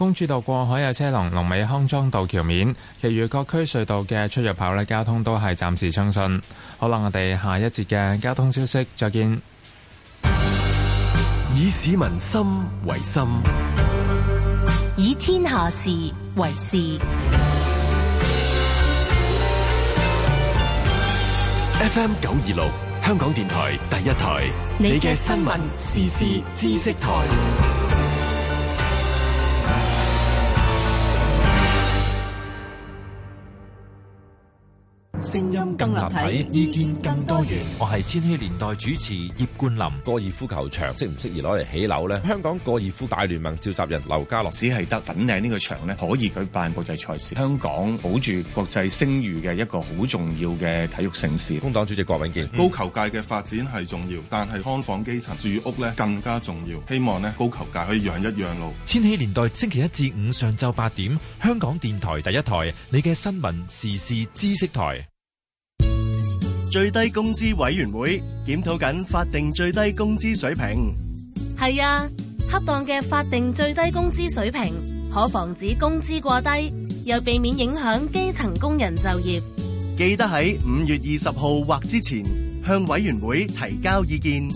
公主道，過海有車龍，龍尾康莊道橋面。其餘各區隧道嘅出入口呢，交通都係暫時暢順。好啦，我哋下一節嘅交通消息，再見。以市民心為心，以天下事為事。FM 九二六，香港電台第一台，你嘅新聞時事知識台。聲音更立體，更立體，意見更多元。我係千禧年代主持葉冠林。高爾夫球場適唔適宜攞嚟起樓呢？香港高爾夫大聯盟召集人劉家樂，只係得粉嶺呢個場呢，可以舉辦國際賽事。香港保住國際聲譽嘅一個好重要嘅體育盛事。工黨主席郭永健，嗯，高球界嘅發展係重要，但係看房基層住屋咧更加重要。希望呢，高球界可以讓一讓路。千禧年代星期一至五上晝八點，香港電台第一台，你嘅新聞時事知識台。最低工資委員會檢討緊法定最低工資水平，係啊，恰當嘅法定最低工資水平可防止工資過低，又避免影響基層工人就業。記得喺五月二十號或之前向委員會提交意見。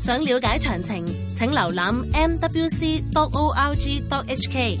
想了解詳情，請瀏覽 mwc.org.hk。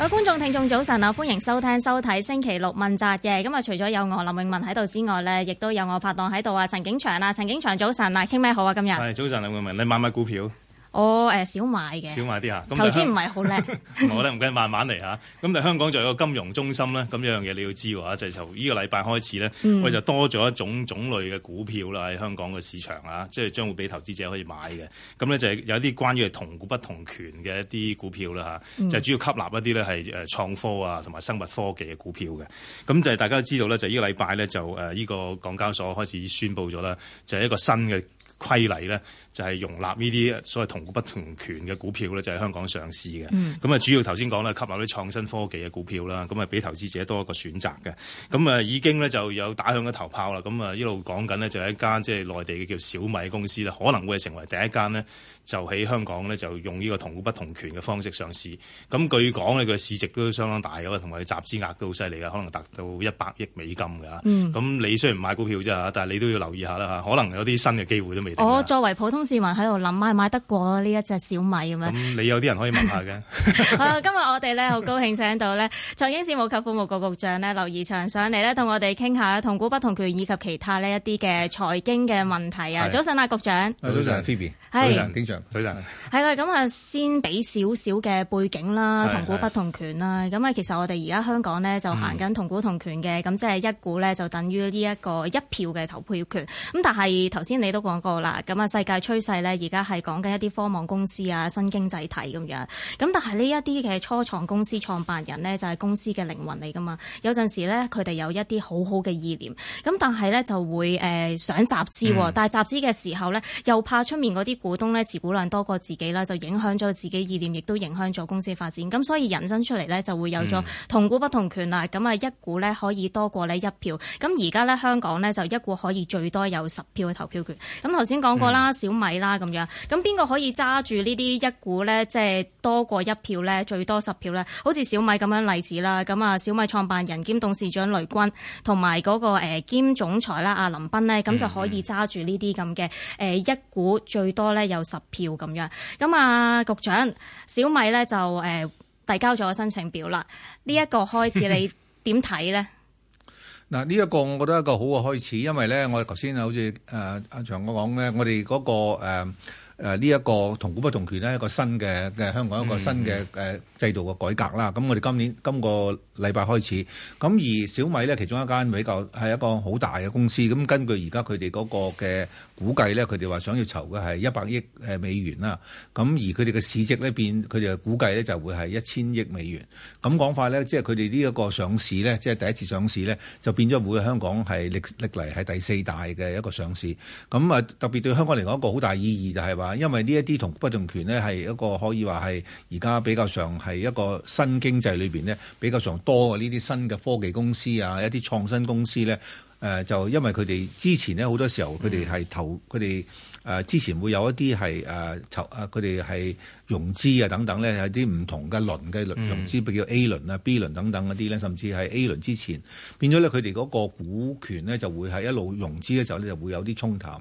各位觀眾、聽眾，早晨啊！歡迎收聽、收睇星期六問責嘅。咁啊，除咗有我林詠雯喺度之外呢，亦都有我拍檔喺度啊，陳景祥啊，陳景祥早晨啊，傾咩好啊？今日係早晨，林詠雯，你買唔買股票？我誒少買嘅，少買啲嚇，投資唔係好叻。好咧，唔緊，慢慢嚟嚇。咁誒，香港就有個金融中心啦。咁樣嘢你要知喎，啊，就係從呢個禮拜開始咧，我就多咗一種種類嘅股票啦，喺香港嘅市場啊，即係將會俾投資者可以買嘅。咁咧就係有啲關於同股不同權嘅一啲股票啦，就主要吸納一啲咧，係誒創科啊同埋生物科技嘅股票嘅。咁就係大家都知道咧，就呢個禮拜咧就誒呢個港交所開始宣布咗啦，就係一個新嘅規例咧。就係、是、容納呢啲所謂同股不同權嘅股票咧，就喺香港上市嘅。咁、嗯、啊，主要頭先講咧，吸納啲創新科技嘅股票啦，咁啊，俾投資者多一個選擇嘅。咁啊，已經咧就有打響咗頭炮啦。咁啊，一路講緊呢，就係一間即係內地嘅叫小米公司啦，可能會成為第一間呢，就喺香港呢，就用呢個同股不同權嘅方式上市。咁據講呢，佢市值都相當大嘅，同埋集資額都好犀利嘅，可能達到一百億美金㗎。咁、嗯、你雖然買股票啫嚇，但係你都要留意下啦嚇。可能有啲新嘅機會都未到。我、哦、作為普通。市民喺度諗買唔買得過呢一隻小米咁樣？你有啲人可以問下嘅。 今日我哋咧好高興請到咧財 經事務及庫務局局長咧劉怡翔上嚟咧，同我哋傾下同股不同權以及其他呢一啲嘅財經嘅問題啊。早晨啊，局長。早晨 Phoebe 早晨，早晨。係啦，咁啊， 先俾少少嘅背景啦，同股不同權啦。咁啊，其實我哋而家香港咧就行緊同股同權嘅，咁、嗯、即係一股咧就等於呢一個一票嘅投票權。咁但係頭先你都講過啦，咁啊，世界趨勢呢，而家係講緊一啲科網公司啊，新經濟體咁樣。咁但係呢一啲嘅初創公司創辦人呢，就係、是、公司嘅靈魂嚟㗎嘛。有陣時呢，佢哋有一啲好好嘅意念。咁但係呢就會誒、呃、想集資，但係集資嘅時候呢，又怕出面嗰啲股東呢，持股量多過自己啦，就影響咗自己意念，亦都影響咗公司發展。咁所以引申出嚟呢，就會有咗同股不同權啦。咁啊，一股呢，可以多過呢一票。咁而家呢，香港呢，就一股可以最多有十票嘅投票權。咁頭先講過啦，小、嗯米啦咁樣，咁邊個可以揸住呢啲一股咧？即係多過一票咧，最多十票咧。好似小米咁樣例子啦，咁啊小米創辦人兼董事長雷軍同埋嗰個誒兼總裁啦，阿林斌咧，咁就可以揸住呢啲咁嘅誒一股最多咧有十票咁樣。咁啊局長，小米咧就誒遞、呃、交咗申請表啦。呢、這、一個開始你點睇咧？ 嗱，呢一個我覺得一個好嘅開始，因為咧，我哋頭先好似誒阿長哥講咧，我哋嗰個誒誒呢一個同股不同權咧，一個新嘅嘅香港一個新嘅誒、嗯啊、制度嘅改革啦。咁我哋今年今個禮拜開始，咁而小米咧，其中一間比較係一個好大嘅公司。咁根據而家佢哋嗰個嘅估計咧，佢哋話想要籌嘅係一百億美元啦。咁而佢哋嘅市值咧變，佢哋估計咧就會係一千億美元。咁講法咧，即係佢哋呢一個上市咧，即係第一次上市咧，就變咗會香港係歷歷嚟係第四大嘅一個上市。咁啊特別對香港嚟講，一個好大意義就係話，因為呢一啲同股不同權咧係一個可以話係而家比較上係一個新經濟裏面咧比較上多。多呢啲新嘅科技公司啊，一啲創新公司咧，誒就因為佢哋之前咧好多時候佢哋係投佢哋誒之前會有一啲係誒籌啊，佢哋係融資啊等等咧，有啲唔同嘅輪嘅融資，譬如叫 A 輪啊、B 輪等等嗰啲咧，甚至係 A 輪之前，變咗咧佢哋嗰個股權咧就會係一路融資嘅時候咧就會有啲沖淡。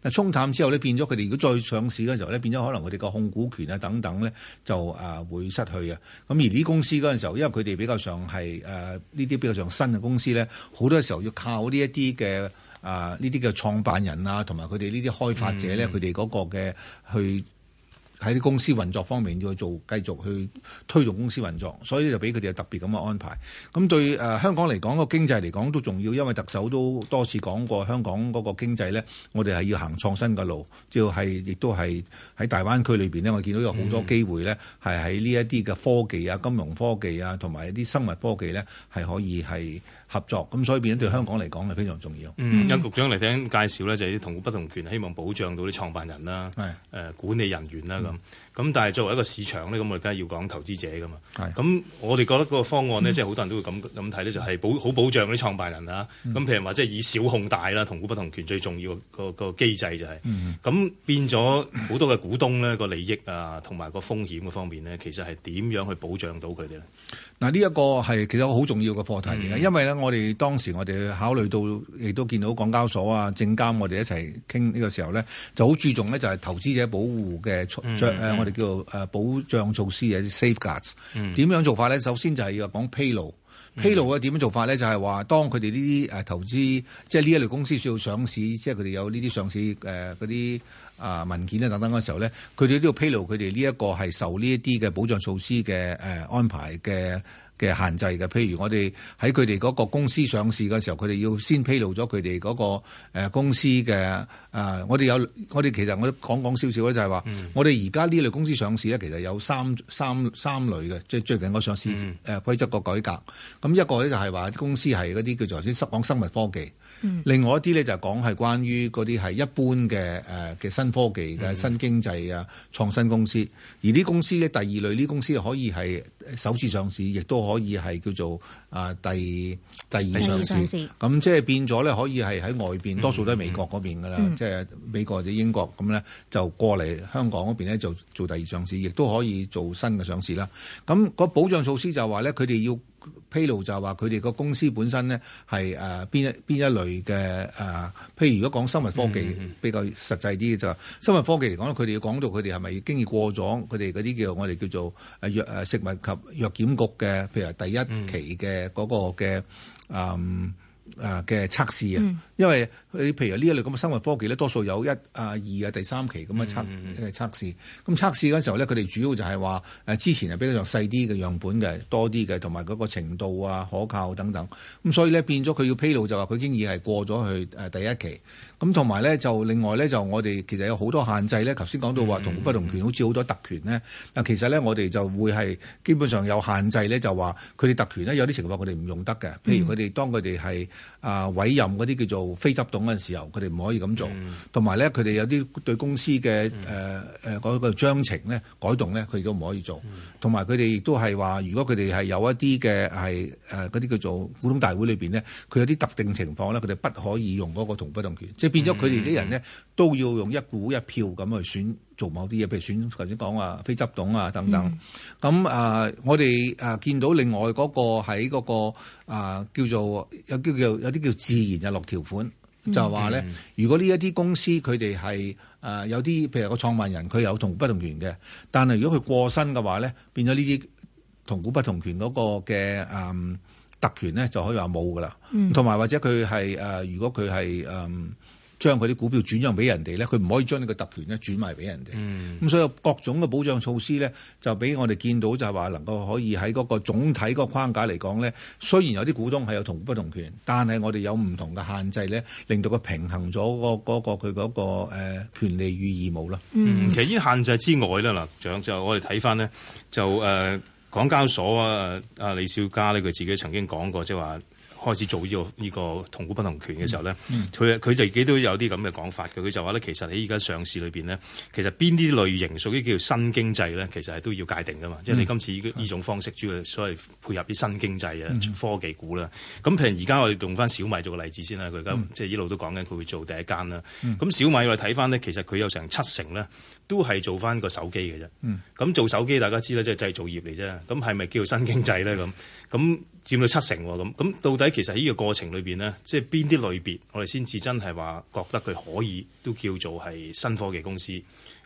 但係沖淡之後咧，變咗佢哋如果再上市嘅時候咧，變咗可能佢哋個控股權啊等等咧，就啊會失去啊。咁而呢公司嗰陣時候，因為佢哋比較上係誒呢啲比較上新嘅公司咧，好多時候要靠呢一啲嘅啊呢啲嘅創辦人啊，同埋佢哋呢啲開發者咧，佢哋嗰個嘅去。喺啲公司運作方面要去做，繼續去推動公司運作，所以就俾佢哋有特別咁嘅安排。咁對香港嚟講個經濟嚟講都重要，因為特首都多次講過香港嗰個經濟咧，我哋係要行創新嘅路，就係、係、亦都係喺大灣區裏邊咧，我見到有好多機會咧，係喺呢一啲嘅科技啊、金融科技啊，同埋一啲生物科技咧，係可以係。合作咁，所以變咗對香港嚟講係非常重要。嗯，劉局長嚟聽介紹咧，就係、是、啲同股不同權，希望保障到啲創辦人啦、呃，管理人員啦咁。咁、嗯、但係作為一個市場咧，咁我哋梗係要講投資者噶嘛。咁，我哋覺得個方案咧、嗯，即係好多人都會咁咁睇咧，就係、是、保好保障啲創辦人啦。咁、嗯、譬如話，即係以小控大啦，同股不同權最重要個、嗰個機制就係、是。嗯。咁變咗好多嘅股東咧、嗰個利益啊，同埋個風險嘅方面咧，其實係點樣去保障到佢哋咧？嗱，呢一個係其實好重要嘅課題嚟嘅，因為咧我哋當時我哋考慮到，亦都見到港交所啊、證監，我哋一齊傾呢個時候咧，就好注重咧就係投資者保護嘅措誒，我哋叫做誒保障措施嘅啲、嗯、safeguards，點樣做法咧？首先就係要講披露。披露嘅點樣做法咧，就係話，當佢哋呢啲誒投資，即係呢一類公司需要上市，即係佢哋有呢啲上市誒嗰啲啊文件啊等等嘅時候咧，佢哋都要披露佢哋呢一個係受呢一啲嘅保障措施嘅誒安排嘅。嘅限制嘅，譬如我哋喺佢哋嗰個公司上市嘅時候，佢哋要先披露咗佢哋嗰個、呃、公司嘅誒、呃、我哋有我哋其實我講講少少咧，就係話，我哋而家呢類公司上市咧，其實有三三三類嘅，即係最近個上市誒規則個改革，咁一個咧就係話公司係嗰啲叫做先講生物科技。嗯、另外一啲咧就係講係關於嗰啲係一般嘅誒嘅新科技嘅新經濟啊創新公司，而啲公司咧，第二類啲公司可以係首次上市，亦都可以係叫做啊第二第二上市。咁即係變咗咧，可以係喺外邊、嗯、多數都係美國嗰邊噶啦，即、嗯、係、即係、美國或者英國咁咧，就過嚟香港嗰邊咧就做第二上市，亦都可以做新嘅上市啦。咁、嗰個保障措施就係話咧，佢哋要。披露就話佢哋個公司本身咧係誒邊一邊一類嘅誒，譬如如果講生物科技比較實際啲嘅，就係，就生物科技嚟講咧，佢哋要講到佢哋係咪經已過咗佢哋嗰啲叫我哋叫做藥誒食物及藥檢局嘅。譬如第一期嘅嗰個嘅誒誒嘅測試啊。嗯嗯嗯因為佢譬如呢一類咁嘅生物科技咧，多數有一啊二啊第三期咁嘅測嘅、嗯、測試。咁測試嗰時候咧，佢哋主要就係話誒之前係比較細啲嘅樣本嘅，多啲嘅，同埋嗰個程度啊可靠等等。咁所以咧變咗佢要披露就話佢已經已係過咗去誒第一期。咁同埋咧就另外咧就我哋其實有好多限制咧，頭先講到話同股不同權好似好多特權咧、嗯。但其實咧我哋就會係基本上有限制咧，就話佢哋特權咧有啲情況佢哋唔用得嘅。譬如佢哋當佢哋係啊委任嗰啲叫做。非執董嘅時候，佢哋唔可以咁做，同埋咧佢哋有啲對公司嘅誒誒嗰個章程咧改動咧，佢哋都唔可以做。同埋佢哋亦都係話，如果佢哋係有一啲嘅係誒嗰啲叫做股東大會裏邊咧，佢有啲特定情況咧，佢哋不可以用嗰個同不同權，即係變咗佢哋啲人呢、嗯，都要用一股一票咁去選。做某啲嘢，譬如選頭先講話非執董啊等等。咁、嗯、啊、嗯嗯嗯，我哋啊見到另外嗰個喺嗰、那個啊、呃、叫做有啲叫有啲叫自然日落條款，嗯、就話、是、咧、嗯，如果呢一啲公司佢哋係啊有啲譬如個創辦人佢有同股不同權嘅，但係如果佢過身嘅話咧，變咗呢啲同股不同權嗰個嘅嗯特權咧就可以話冇噶啦。同、嗯、埋或者佢係啊，如果佢係嗯。呃將佢啲股票轉讓俾人哋咧，佢唔可以將呢個特權咧轉賣俾人哋。咁、嗯、所以各種嘅保障措施咧，就俾我哋見到就係話能夠可以喺嗰個總體嗰個框架嚟講咧，雖然有啲股東係有同不同權，但係我哋有唔同嘅限制咧，令到佢平衡咗、那個嗰、那個佢嗰、那個權、呃、權利與義務嗯，其實依啲限制之外咧，嗱，就我哋睇翻咧，就、呃、港交所啊，阿、呃、李少嘉呢，佢自己曾經講過，即係話。開始做呢個依個同股不同權嘅時候咧，佢、嗯、佢自己都有啲咁嘅講法嘅。佢就話咧，其實喺依家上市裏邊咧，其實邊啲類型屬於叫做新經濟咧，其實係都要界定噶嘛。即、嗯、係、就是、你今次呢依種方式，主要所謂配合啲新經濟啊、嗯，科技股啦。咁譬如而家我哋用翻小米做個例子先啦。佢而家即係一路都講緊佢會做第一間啦。咁小米我哋睇翻咧，其實佢有成七成咧都係做翻個手機嘅啫。咁做手機大家知啦，即、就、係、是、製造業嚟啫。咁係咪叫做新經濟咧？咁咁。佔到七成喎，咁咁到底其實喺呢個過程裏邊呢，即係邊啲類別，我哋先至真係話覺得佢可以都叫做係新科技公司。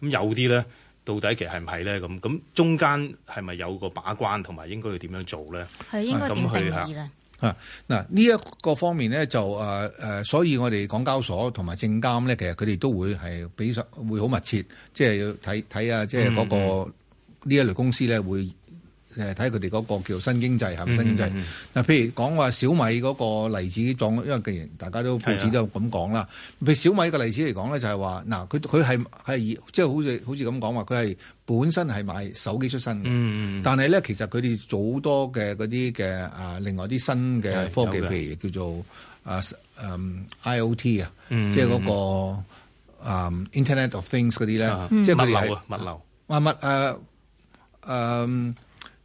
咁有啲咧，到底其實係唔係咧？咁咁中間係咪有個把關同埋應該要點樣做咧？係應該點定義咧？啊，嗱呢一個方面咧，就誒誒、啊，所以我哋港交所同埋證監咧，其實佢哋都會係比較會好密切，即、就、係、是、要睇睇下，即係嗰個呢、嗯、一類公司咧會。誒睇佢哋嗰個叫新經濟係咪新經濟？嗱、嗯嗯啊，譬如講話小米嗰個例子，撞，因為既然大家都報紙都咁講啦，譬如小米嘅例子嚟講咧，就係話嗱，佢佢係係即係好似好似咁講話，佢係本身係賣手機出身嘅、嗯嗯，但係咧其實佢哋做好多嘅嗰啲嘅誒另外啲新嘅科技有，譬如叫做誒誒 IOT 啊，嗯 IOT，嗯、即係嗰、嗰個、啊、Internet of Things 嗰啲咧，即係物流啊，物流啊物誒誒。啊啊啊。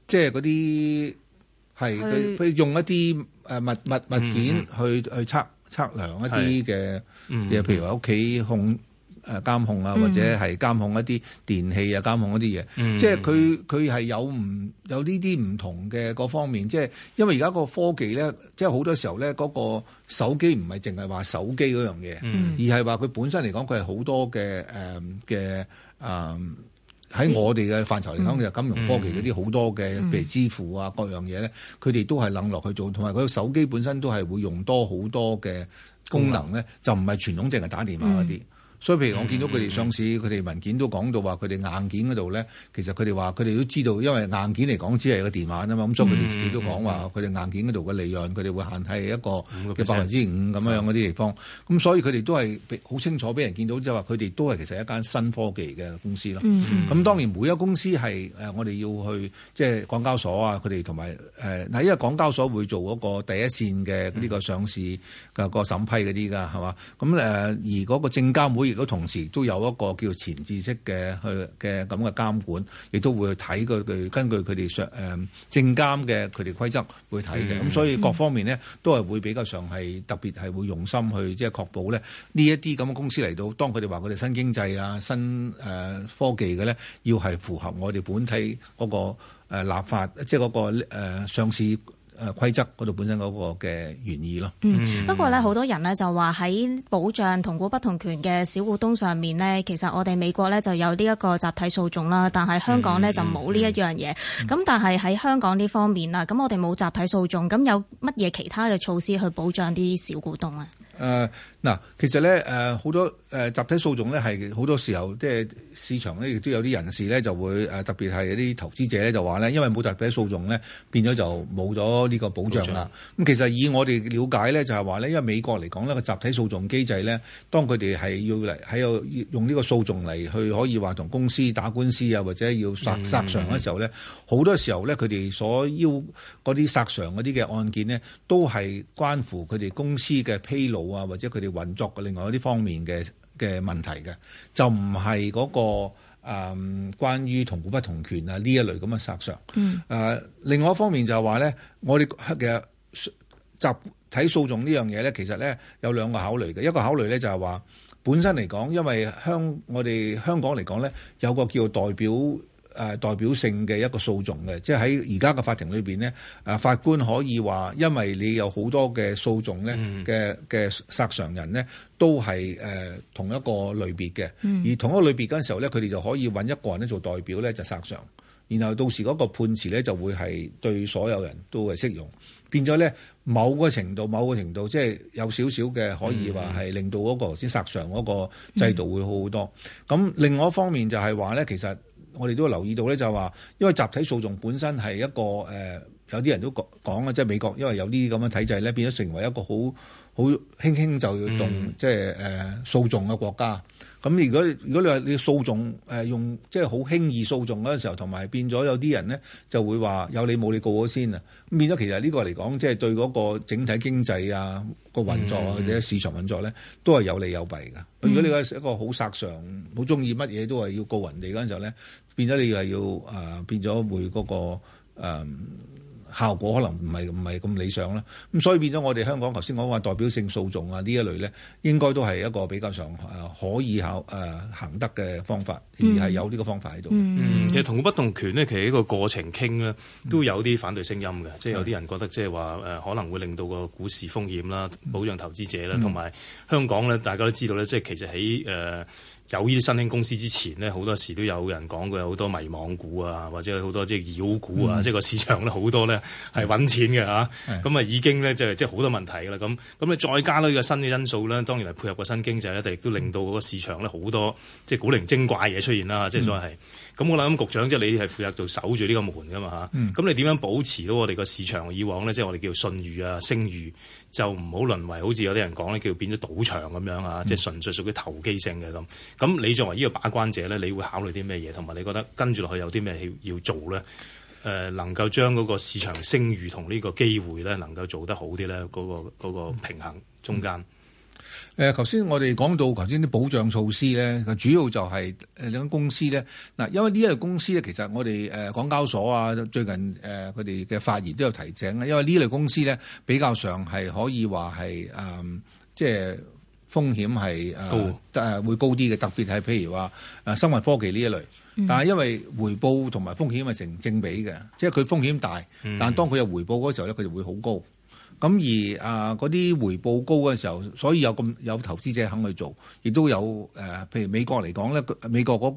即係嗰啲係佢佢用一啲誒物物物件去去，去測測量一啲嘅嘢，譬如話屋企控誒監控啊，是或者係監控一啲電器啊，監控一啲嘢。即係佢佢係有唔有呢啲唔同嘅各方面。即係因為而家個科技咧，即係好多時候咧，嗰個手機唔係淨係話手機嗰樣嘢，而係話佢本身嚟講，佢係好多嘅誒嘅啊。嗯喺我哋嘅範疇嚟講，其、嗯、實金融科技嗰啲好多嘅，譬、嗯、如支付啊，各樣嘢咧，佢、嗯、哋都係冷落去做，同埋佢手機本身都係會用多好多嘅功能咧，就唔係傳統淨係打電話嗰啲。嗯所以譬如我見到佢哋上市，佢哋、mm-hmm. 文件都講到話，佢哋硬件嗰度咧，其實佢哋話，佢哋都知道，因為硬件嚟講只係個電話啊嘛，咁、mm-hmm. 所以佢哋自己都講話，佢哋硬件嗰度嘅利潤，佢哋會限係一個嘅百分之五咁樣樣嗰啲地方，咁、mm-hmm. 所以佢哋都係好清楚俾人見到，即係話，佢哋都係其實一間新科技嘅公司咯。咁、mm-hmm. 當然每一個公司係誒我哋要去即係、就是、港交所啊，佢哋同埋誒，嗱、呃，因為港交所會做嗰個第一線嘅呢個上市嘅個、mm-hmm. 審批嗰啲噶，係嘛？咁誒而嗰個證監會。亦都同時都有一個叫前置式嘅去嘅咁嘅監管，亦都會睇佢佢根據佢哋上誒證監嘅佢哋規則會睇嘅咁，所以各方面呢、嗯，都係會比較上係特別係會用心去即係確保咧呢一啲咁嘅公司嚟到，當佢哋話佢哋新經濟啊、新誒科技嘅咧，要係符合我哋本體嗰個立法，即係嗰個上市。誒規則嗰度本身嗰個嘅原意咯。嗯，不過咧，好多人呢就話喺保障同股不同權嘅小股東上面呢，其實我哋美國呢就有呢一個集體訴訟啦，但係香港呢就冇呢一樣嘢。咁、嗯嗯嗯、但係喺香港呢方面啦，咁我哋冇集體訴訟，咁有乜嘢其他嘅措施去保障啲小股東呀？誒、呃、嗱，其實咧，誒好多誒集體訴訟咧，係好多時候即係市場咧亦都有啲人士咧就會誒特別係有啲投資者咧就話咧，因為冇集體訴訟咧，變咗就冇咗呢個保障。啦，咁其實以我哋了解咧，就係話咧，因為美國嚟講咧個集體訴訟機制咧，當佢哋係要嚟喺度用呢個訴訟嚟去可以話同公司打官司啊，或者要索索償嘅時候咧，好、嗯、多時候咧佢哋所要嗰啲索償嗰啲嘅案件咧，都係關乎佢哋公司嘅披露。啊，或者佢哋運作嘅另外一啲方面嘅嘅問題嘅，就唔係嗰個誒、嗯、關於同股不同權啊呢一類咁嘅殺傷。誒、嗯啊、另外一方面就係話咧，我哋嘅集體訴訟呢樣嘢咧，其實咧有兩個考慮嘅。一個考慮咧就係話本身嚟講，因為香我哋香港嚟講咧，有個叫代表。誒、呃、代表性嘅一個訴訟嘅，即係喺而家嘅法庭裏面呢、啊，法官可以話，因為你有好多嘅訴訟呢嘅嘅索償人呢，都係、呃、同一個類別嘅、嗯，而同一個類別嗰陣時候呢，佢哋就可以搵一個人做代表呢，就索償，然後到時嗰個判詞呢，就會係對所有人都係適用，變咗呢，某個程度，某個程度即係有少少嘅可以話係令到嗰、頭先索償嗰個制度會好好多。咁、嗯、另外一方面就係話呢，其實。我哋都留意到咧，就係話，因為集體訴訟本身係一個誒、呃，有啲人都講講啊，即係美國，因為有啲咁嘅體制咧，變咗成為一個好好輕輕就要動、嗯、即係誒訴訟嘅國家。咁、嗯、如果如果你話你訴訟、呃、用即係好輕易訴訟嗰陣時候，同埋變咗有啲人咧就會話有你冇你，告我先啊，變咗其實呢個嚟講，即係對嗰個整體經濟啊、這個運作、嗯、或者市場運作咧，都係有利有弊㗎、嗯。如果你個一個好殺常，好鍾意乜嘢都係要告人哋嗰時候咧。變咗你又係要誒、呃、變咗會嗰、那個、呃、效果可能唔係唔係咁理想啦，咁所以變咗我哋香港頭先講話代表性訴訟啊呢一類咧，應該都係一個比較上、呃、可以考、呃、行得嘅方法，而係有呢個方法喺度、嗯嗯。嗯，其實同股不同權咧，其實呢個過程傾咧都有啲反對聲音嘅、嗯，即係有啲人覺得即係話可能會令到個股市風險啦、保障投資者啦，同、嗯、埋香港咧大家都知道咧，即係其實喺誒。呃有呢啲新興公司之前咧，好多時都有人講過有好多迷惘股啊，或者好多即係妖股啊，嗯、即係、啊嗯、個市場咧好多咧係揾錢嘅嚇。咁啊已經咧即係即係好多問題㗎啦。咁咁咧再加多個新嘅因素咧，當然係配合個新經濟咧，但亦都令到個市場咧好多即係古靈精怪嘢出現啦、嗯。即係所謂咁我諗，局長即係你係負責到守住呢個門噶嘛咁、嗯、你點樣保持到我哋個市場以往呢？即、就、係、是、我哋叫信譽啊、聲譽就、嗯，就唔好淪為好似有啲人講呢叫變咗賭場咁樣啊即係純粹屬於投機性嘅咁。咁你作為呢個把關者呢，你會考慮啲咩嘢？同埋你覺得跟住落去有啲咩要做呢？誒、呃，能夠將嗰個市場聲譽同呢個機會呢，能夠做得好啲呢？嗰、那個嗰、那個平衡中間。嗯誒、呃，頭先我哋講到頭先啲保障措施咧，主要就係誒兩間公司咧。嗱，因為呢一類公司咧，其實我哋誒、呃、港交所啊，最近誒佢哋嘅發言都有提醒啊。因為呢類公司咧，比較上係可以話係誒，即、呃、係、就是、風險係、呃、高誒、呃呃，會高啲嘅。特別係譬如話誒、呃、生物科技呢一類，嗯、但係因為回報同埋風險係成正比嘅，即係佢風險大，嗯、但係當佢有回報嗰時候咧，佢就會好高。咁而啊嗰啲回報高嘅時候，所以有咁有投資者肯去做，亦都有誒、呃。譬如美國嚟講咧，美國嗰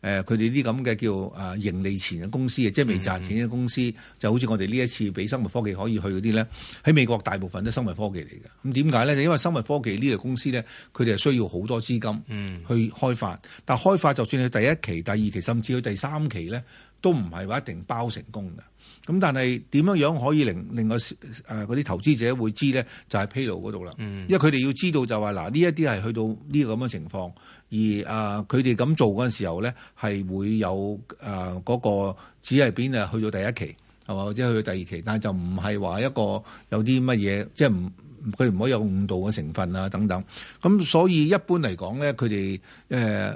個佢哋啲咁嘅叫誒盈利前嘅公司，即係未賺錢嘅公司，公司嗯、就好似我哋呢一次俾生物科技可以去嗰啲咧，喺美國大部分都生物科技嚟嘅。咁點解咧？就因為生物科技呢類公司咧，佢哋係需要好多資金去開發、嗯。但開發就算係第一期、第二期，甚至去第三期咧，都唔係話一定包成功嘅。咁但係點樣可以令令個誒嗰啲投資者會知咧，就係、是、披露嗰度啦，因為佢哋要知道就話嗱呢一啲係去到呢個咁嘅情況，而佢哋咁做嗰時候咧，係會有嗰、啊嗰個只係邊啊去到第一期係嘛，或者去到第二期，但係就唔係話一個有啲乜嘢即係唔佢哋唔可以有誤導嘅成分啊等等。咁所以一般嚟講咧，佢哋、啊、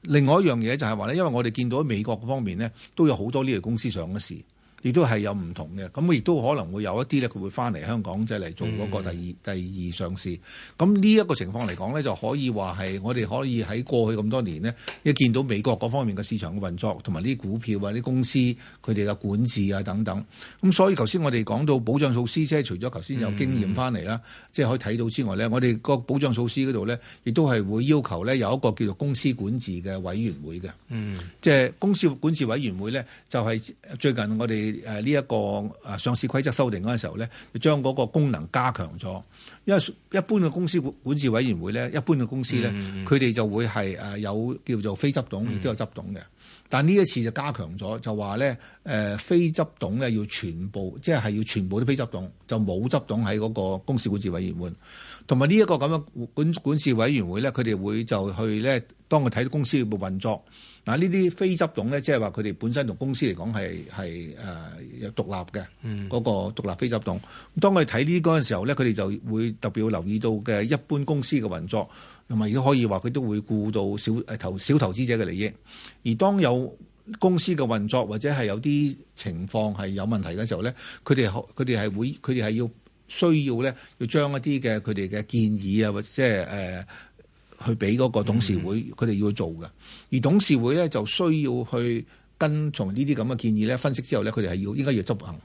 另外一樣嘢就係話咧，因為我哋見到喺美國方面咧都有好多呢類公司上嘅事。亦都係有唔同嘅，咁亦都可能會有一啲咧，佢會翻嚟香港，即係嚟做嗰個第二、嗯、第二上市。咁呢一個情況嚟講咧，就可以話係我哋可以喺過去咁多年呢，一見到美國嗰方面嘅市場嘅運作，同埋啲股票啊、啲公司佢哋嘅管治啊等等。咁所以頭先我哋講到保障措施，即係除咗頭先有經驗翻嚟啦，即、嗯、係、就是、可以睇到之外咧，我哋個保障措施嗰度咧，亦都係會要求咧有一個叫做公司管治嘅委員會嘅。嗯，即、就、係、是、公司管治委員會咧，就係、是、最近我哋。誒呢一個誒上市規則修訂嗰陣時候咧，就將嗰個功能加強咗，因為一般嘅公司管管治委員會咧，一般嘅公司咧，佢、嗯、哋就會係誒有叫做非執董，亦、嗯、都有執董嘅。但呢一次就加強咗，就話咧誒非執董咧要全部，即係要全部都非執董就冇執董喺嗰個公司管治委員會，同埋呢一個咁樣管管治委員會咧，佢哋會就去咧當佢睇到公司嘅運作。嗱呢啲非執董咧，即係話佢哋本身同公司嚟講係係誒有獨立嘅嗰、嗯嗰個獨立非執董。當我哋睇呢個陣時候咧，佢哋就會特別會留意到嘅一般公司嘅運作，同埋亦都可以話佢都會顧到小投小投資者嘅利益。而當有公司嘅運作或者係有啲情況係有問題嘅時候咧，佢哋佢哋係會佢哋係要需要咧要將一啲嘅佢哋嘅建議啊，或者即去俾嗰個董事會，佢哋要去做嘅，而董事會咧就需要去跟從呢啲咁嘅建議咧分析之後咧，佢哋係要應該要執行，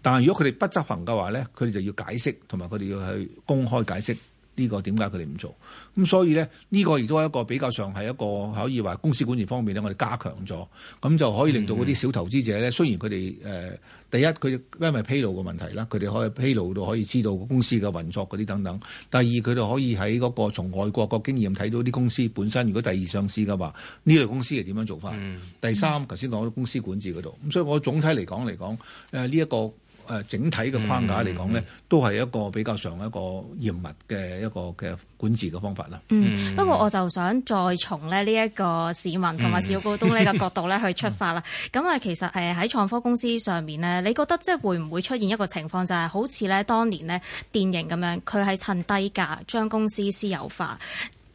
但係如果佢哋不執行嘅話咧，佢哋就要解釋，同埋佢哋要去公開解釋。呢、這個點解佢哋唔做？咁所以咧，呢、這個亦都係一個比較上係一個可以話公司管理方面咧，我哋加強咗，咁就可以令到嗰啲小投資者咧、嗯，雖然佢哋誒第一佢因為披露嘅問題啦，佢哋可以披露到可以知道公司嘅運作嗰啲等等。第二佢哋可以喺嗰個從外國個經驗睇到啲公司本身，如果第二上市嘅話，呢類公司係點樣做法？嗯、第三頭先講到公司管治嗰度，咁所以我總體嚟講嚟講誒呢一個。誒整體嘅框架嚟講呢都係一個比較上一個嚴密嘅一個嘅管治嘅方法啦。嗯，不、嗯、過我就想再從呢一個市民同埋小股東呢個角度咧去出發啦。咁、嗯、啊， 其實誒喺創科公司上面呢你覺得即係會唔會出現一個情況，就係、是、好似呢當年呢電盈咁樣，佢係趁低價將公司私有化？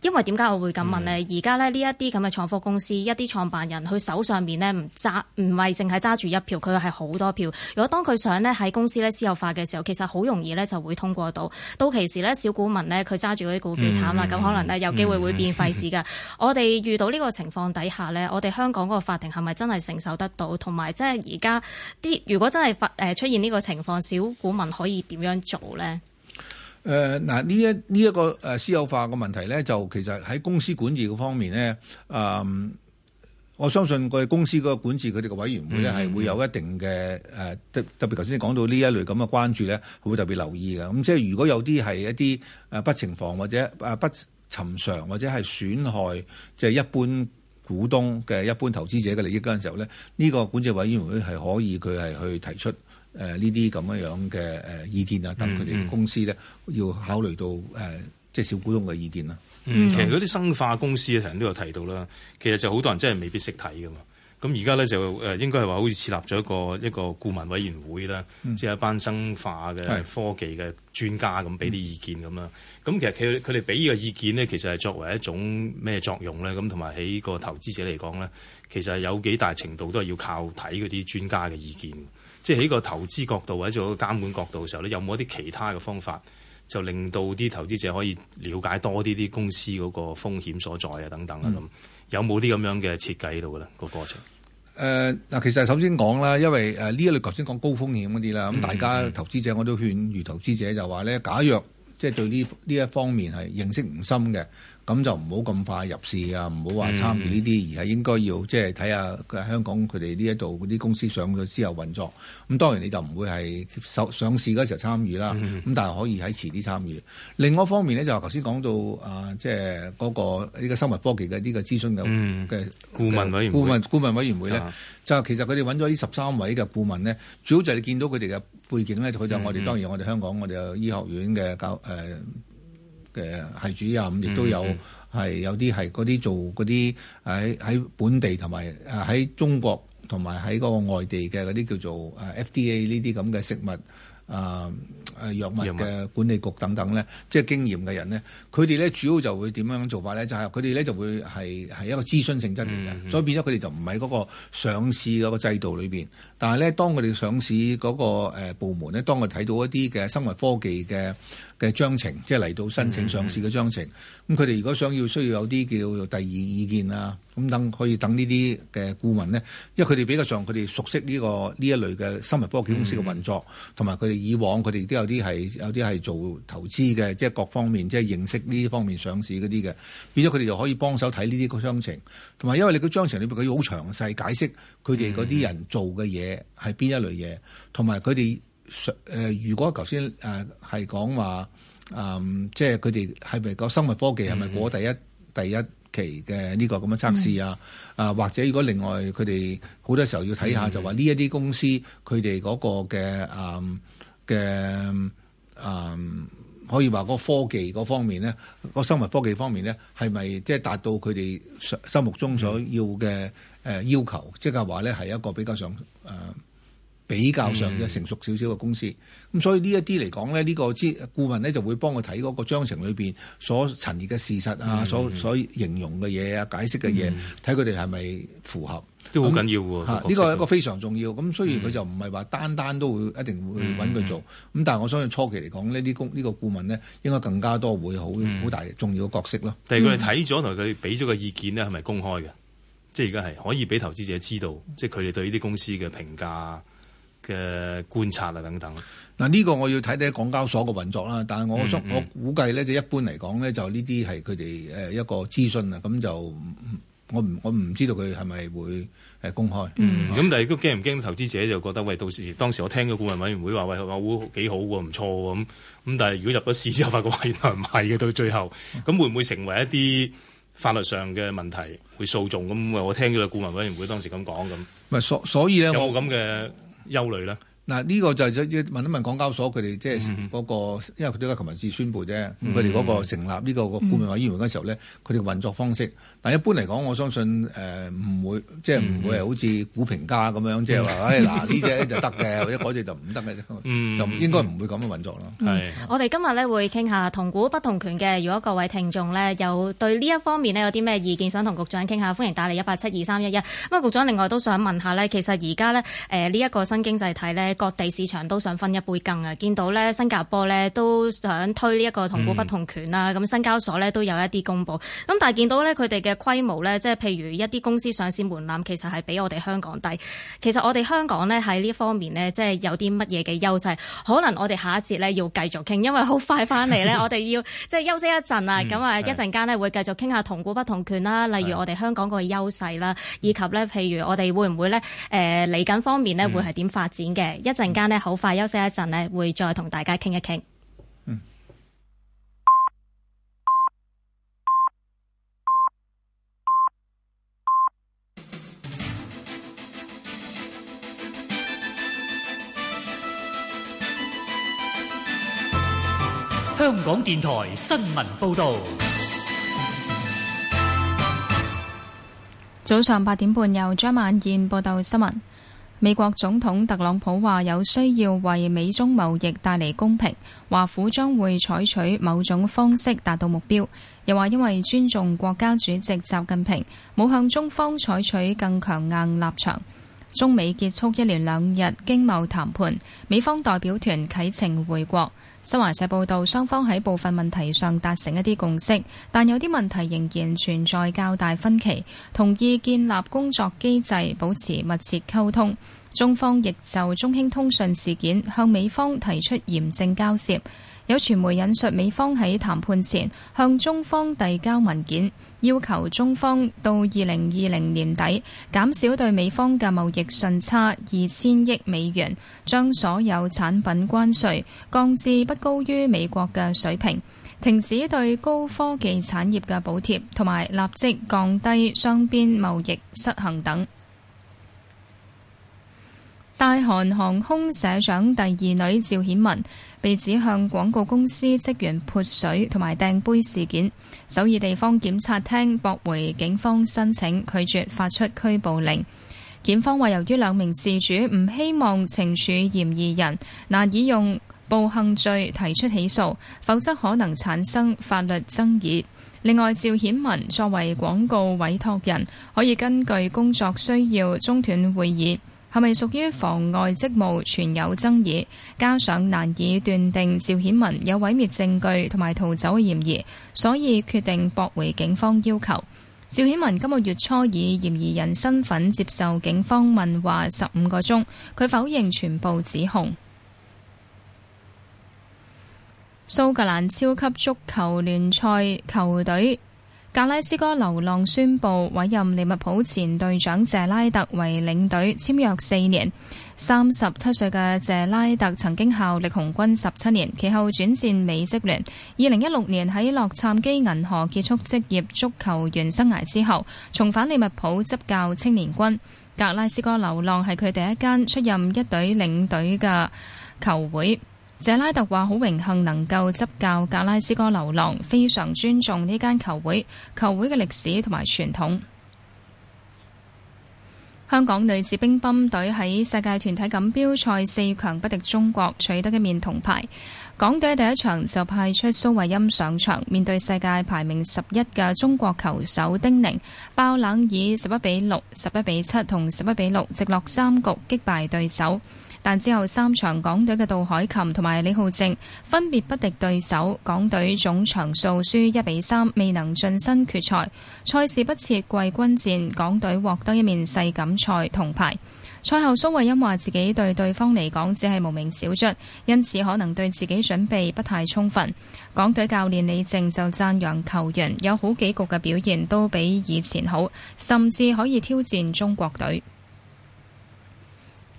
因為點解我會咁問呢？而家呢呢一啲咁嘅創科公司，一啲創辦人佢手上邊呢唔揸，唔係淨係揸住一票，佢係好多票。如果當佢想呢喺公司呢私有化嘅時候，其實好容易呢就會通過到。到期時呢，小股民呢，佢揸住嗰啲股票慘啦，咁、嗯、可能呢，有機會會變廢紙噶、嗯嗯嗯嗯。我哋遇到呢個情況底下呢，我哋香港嗰個法庭係咪真係承受得到？同埋即係而家啲如果真係發誒出現呢個情況，小股民可以點樣做呢？誒、呃、嗱，呢一呢一,一個誒私有化嘅問題咧，就其實喺公司管治方面咧，誒、呃，我相信佢哋公司嘅管治佢哋嘅委員會咧，係、嗯、會有一定嘅誒、呃，特特別頭先你講到呢一類咁嘅關注咧，會特別留意嘅。咁、嗯、即係如果有啲係一啲誒不懲防或者誒、啊、不尋常或者係損害即係、就是、一般股東嘅一般投資者嘅利益嗰陣時候咧，呢、這個管治委員會係可以佢係去提出。誒呢啲咁樣樣嘅誒意見啊，等佢哋公司咧要考慮到誒即係小股東嘅意見啦、嗯。其實嗰啲生化公司啊，成日都有提到啦。其實就好多人真係未必識睇噶嘛。咁而家咧就誒應該係話好似設立咗一個一個顧問委員會啦，即、嗯、係、就是、一班生化嘅科技嘅專家咁俾啲意見咁啦。咁其實佢佢哋俾依個意見咧，其實係作為一種咩作用咧？咁同埋喺個投資者嚟講咧，其實有幾大程度都係要靠睇嗰啲專家嘅意見。即係喺個投資角度或者做個監管角度嘅時候咧，有冇一啲其他嘅方法，就令到啲投資者可以了解多啲啲公司嗰個風險所在啊等等啊咁，嗯、有冇啲咁樣嘅設計喺度嘅咧個過程？誒、呃、嗱，其實首先講啦，因為誒呢一類頭先講高風險嗰啲啦，咁、嗯、大家投資者我都勸喻投資者就話咧，假若即係對呢呢一方面係認識唔深嘅。咁就唔好咁快入市啊！唔好話參與呢啲、嗯嗯，而係應該要即係睇下佢香港佢哋呢一度嗰啲公司上咗之後運作。咁當然你就唔會係首上市嗰時候參與啦。咁、嗯、但係可以喺遲啲參與。另外一方面呢，就頭先講到啊，即係嗰個呢、呢個生物科技嘅呢個諮詢嘅嘅顧問委員顧顧問委員會咧、啊，就其實佢哋揾咗呢十三位嘅顧問呢，主要就係你見到佢哋嘅背景咧，就好似我哋、嗯、當然我哋香港我哋醫學院嘅教誒。呃誒係主要，咁亦都有係、嗯嗯、有啲係嗰啲做嗰啲喺喺本地同埋誒喺中國同埋喺嗰個外地嘅嗰啲叫做誒 FDA 呢啲咁嘅食物啊誒藥物嘅管理局等等咧，即係經驗嘅人咧，佢哋咧主要就會點樣做法咧？就係佢哋咧就會係係一個諮詢性質嚟嘅，所以變咗佢哋就唔喺嗰個上市嗰個制度裏邊。但係咧，當佢哋上市嗰個誒部門咧，當佢睇到一啲嘅生物科技嘅。嘅章程，即係嚟到申請上市嘅章程。咁佢哋如果想要需要有啲叫做第二意見啊，咁等可以等呢啲嘅顧問咧，因為佢哋比較上佢哋熟悉呢個呢一類嘅生物科技公司嘅運作，同埋佢哋以往佢哋都有啲係有啲係做投資嘅，即係各方面即係認識呢方面上市嗰啲嘅，變咗佢哋又可以幫手睇呢啲章程。同埋因為你個章程裏邊，佢要好詳細解釋佢哋嗰啲人做嘅嘢係邊一類嘢，同埋佢哋。誒，如果頭先誒係講話，嗯，即係佢哋係咪個生物科技係咪過第一、嗯、第一期嘅呢個咁嘅測試啊？啊、嗯，或者如果另外佢哋好多時候要睇下，嗯、就話呢一啲公司佢哋嗰個嘅嗯嘅嗯可以話嗰科技嗰方面呢，嗯嗰個生物科技方面呢，係咪即係達到佢哋心目中所要嘅誒、嗯呃、要求？即係話呢，係一個比較想誒。呃比較上嘅成熟少少嘅公司，咁、嗯、所以呢一啲嚟講呢，呢、呢個諮顧問呢就會幫佢睇嗰個章程裏邊所陳列嘅事實啊、嗯嗯，所所形容嘅嘢啊、解釋嘅嘢，睇佢哋係咪符合，都好緊要喎。呢、嗯、個、啊、一個非常重要，咁、嗯、所以佢就唔係話單單都會一定會揾佢做，咁、嗯、但係我相信初期嚟講咧，呢、呢個顧問呢應該更加多會好好大重要嘅角色咯、嗯。但係佢哋睇咗同佢俾咗個意見呢，係咪公開嘅、嗯，即係而家係可以俾投資者知道，嗯、即係佢哋對呢啲公司嘅評價。嘅觀察啊，等等。嗱，呢個我要睇睇港交所嘅運作啦。但係我我估計咧、嗯，就一般嚟講咧，就呢啲係佢哋一個資訊啊。咁就我唔我唔知道佢係咪會公開。咁、嗯嗯、但係都驚唔驚？投資者就覺得喂，到時當時我聽咗顧問委員會話，喂我估幾好喎，唔錯喎。咁咁，但係如果入咗市之後，發覺原來唔係嘅，到最後咁會唔會成為一啲法律上嘅問題，會訴訟？咁我聽咗顧問委員會當時咁講咁。咪所所以咧，我。」咁嘅？憂慮啦。嗱、這、呢個就係要問一問港交所佢哋、嗯，即係嗰個，因為佢都係琴日先宣布啫。佢哋嗰個成立呢個顧問委員會嘅時候咧，佢哋嘅運作方式。但一般嚟講，我相信誒唔、呃、會，即係唔會係好似股評家咁樣，即係話嗱呢隻就得嘅， 或者嗰隻就唔得嘅啫。就應該唔會咁樣運作咯。係。我哋今日咧會傾下同股不同權嘅。如果各位聽眾咧有對呢一方面呢，有啲咩意見想同局長傾下，歡迎打嚟一八七二三一一。咁啊，局長另外都想問下咧，其實而家咧誒呢一個新經濟體咧。各地市場都想分一杯羹啊！見到咧，新加坡咧都想推呢一個同股不同權啦，咁、嗯、新交所咧都有一啲公布。咁但係見到咧佢哋嘅規模咧，即係譬如一啲公司上市門檻其實係比我哋香港低。其實我哋香港咧喺呢方面咧，即係有啲乜嘢嘅優勢？可能我哋下一節咧要繼續傾，因為好快翻嚟咧， 我哋要即係休息一陣啊！咁、嗯、啊，一陣間咧會繼續傾下同股不同權啦，例如我哋香港個優勢啦，以及咧譬如我哋會唔會咧誒嚟緊方面咧會係點發展嘅？一陣間呢，好快休息一陣呢，會再同大家傾一傾。香港電台新聞報道，早上八點半由張晚燕報道新聞。美國總統特朗普話有需要為美中貿易帶嚟公平，華府將會採取某種方式達到目標，又話因為尊重國家主席習近平，冇向中方採取更強硬立場。中美結束一連兩日經貿談判，美方代表團啟程回國。新華社報道，雙方喺部分問題上達成一啲共識，但有啲問題仍然存在較大分歧，同意建立工作機制，保持密切溝通。中方亦就中興通訊事件向美方提出嚴正交涉。有傳媒引述美方喺談判前向中方遞交文件。要求中方到二零二零年底減少對美方嘅貿易順差二千億美元，將所有產品關稅降至不高於美國嘅水平，停止對高科技產業嘅補貼，同埋立即降低雙邊貿易失衡等。大韓航空社長第二女趙顯文。被指向廣告公司職員潑水同埋掟杯事件，首爾地方檢察廳駁回警方申請，拒絕發出拘捕令。檢方話，由於兩名事主唔希望懲處嫌疑人，難以用暴行罪提出起訴，否則可能產生法律爭議。另外，趙顯文作為廣告委託人，可以根據工作需要中斷會議。係咪屬於妨礙職務，存有爭議，加上難以斷定趙顯文有毀滅證據同埋逃走嘅嫌疑，所以決定駁回警方要求。趙顯文今個月初以嫌疑人身份接受警方問話十五個鐘，佢否認全部指控。蘇格蘭超級足球聯賽球隊。格拉斯哥流浪宣布委任利物浦前隊長謝拉特為領隊，簽約四年。三十七歲嘅謝拉特曾經效力紅軍十七年，其後轉戰美職聯。二零一六年喺洛杉磯銀河結束職業足球員生涯之後，重返利物浦執教青年軍。格拉斯哥流浪係佢第一間出任一隊領隊嘅球會。謝拉特話：好榮幸能夠執教格拉斯哥流浪，非常尊重呢間球會、球會嘅歷史同埋傳統。香港女子乒乓隊喺世界團體錦標賽四強不敵中國，取得一面銅牌。港隊第一場就派出蘇慧音上場，面對世界排名十一嘅中國球手丁寧，爆冷以十一比六、十一比七同十一比六直落三局擊敗對手。但之後三場，港隊嘅杜海琴同埋李浩正分別不敵對手，港隊總場數輸一比三，未能晉身決賽。賽事不設季軍戰，港隊獲得一面世錦賽銅牌。賽後蘇慧音話自己對對方嚟講只係無名小卒，因此可能對自己準備不太充分。港隊教練李靜就讚揚球員有好幾局嘅表現都比以前好，甚至可以挑戰中國隊。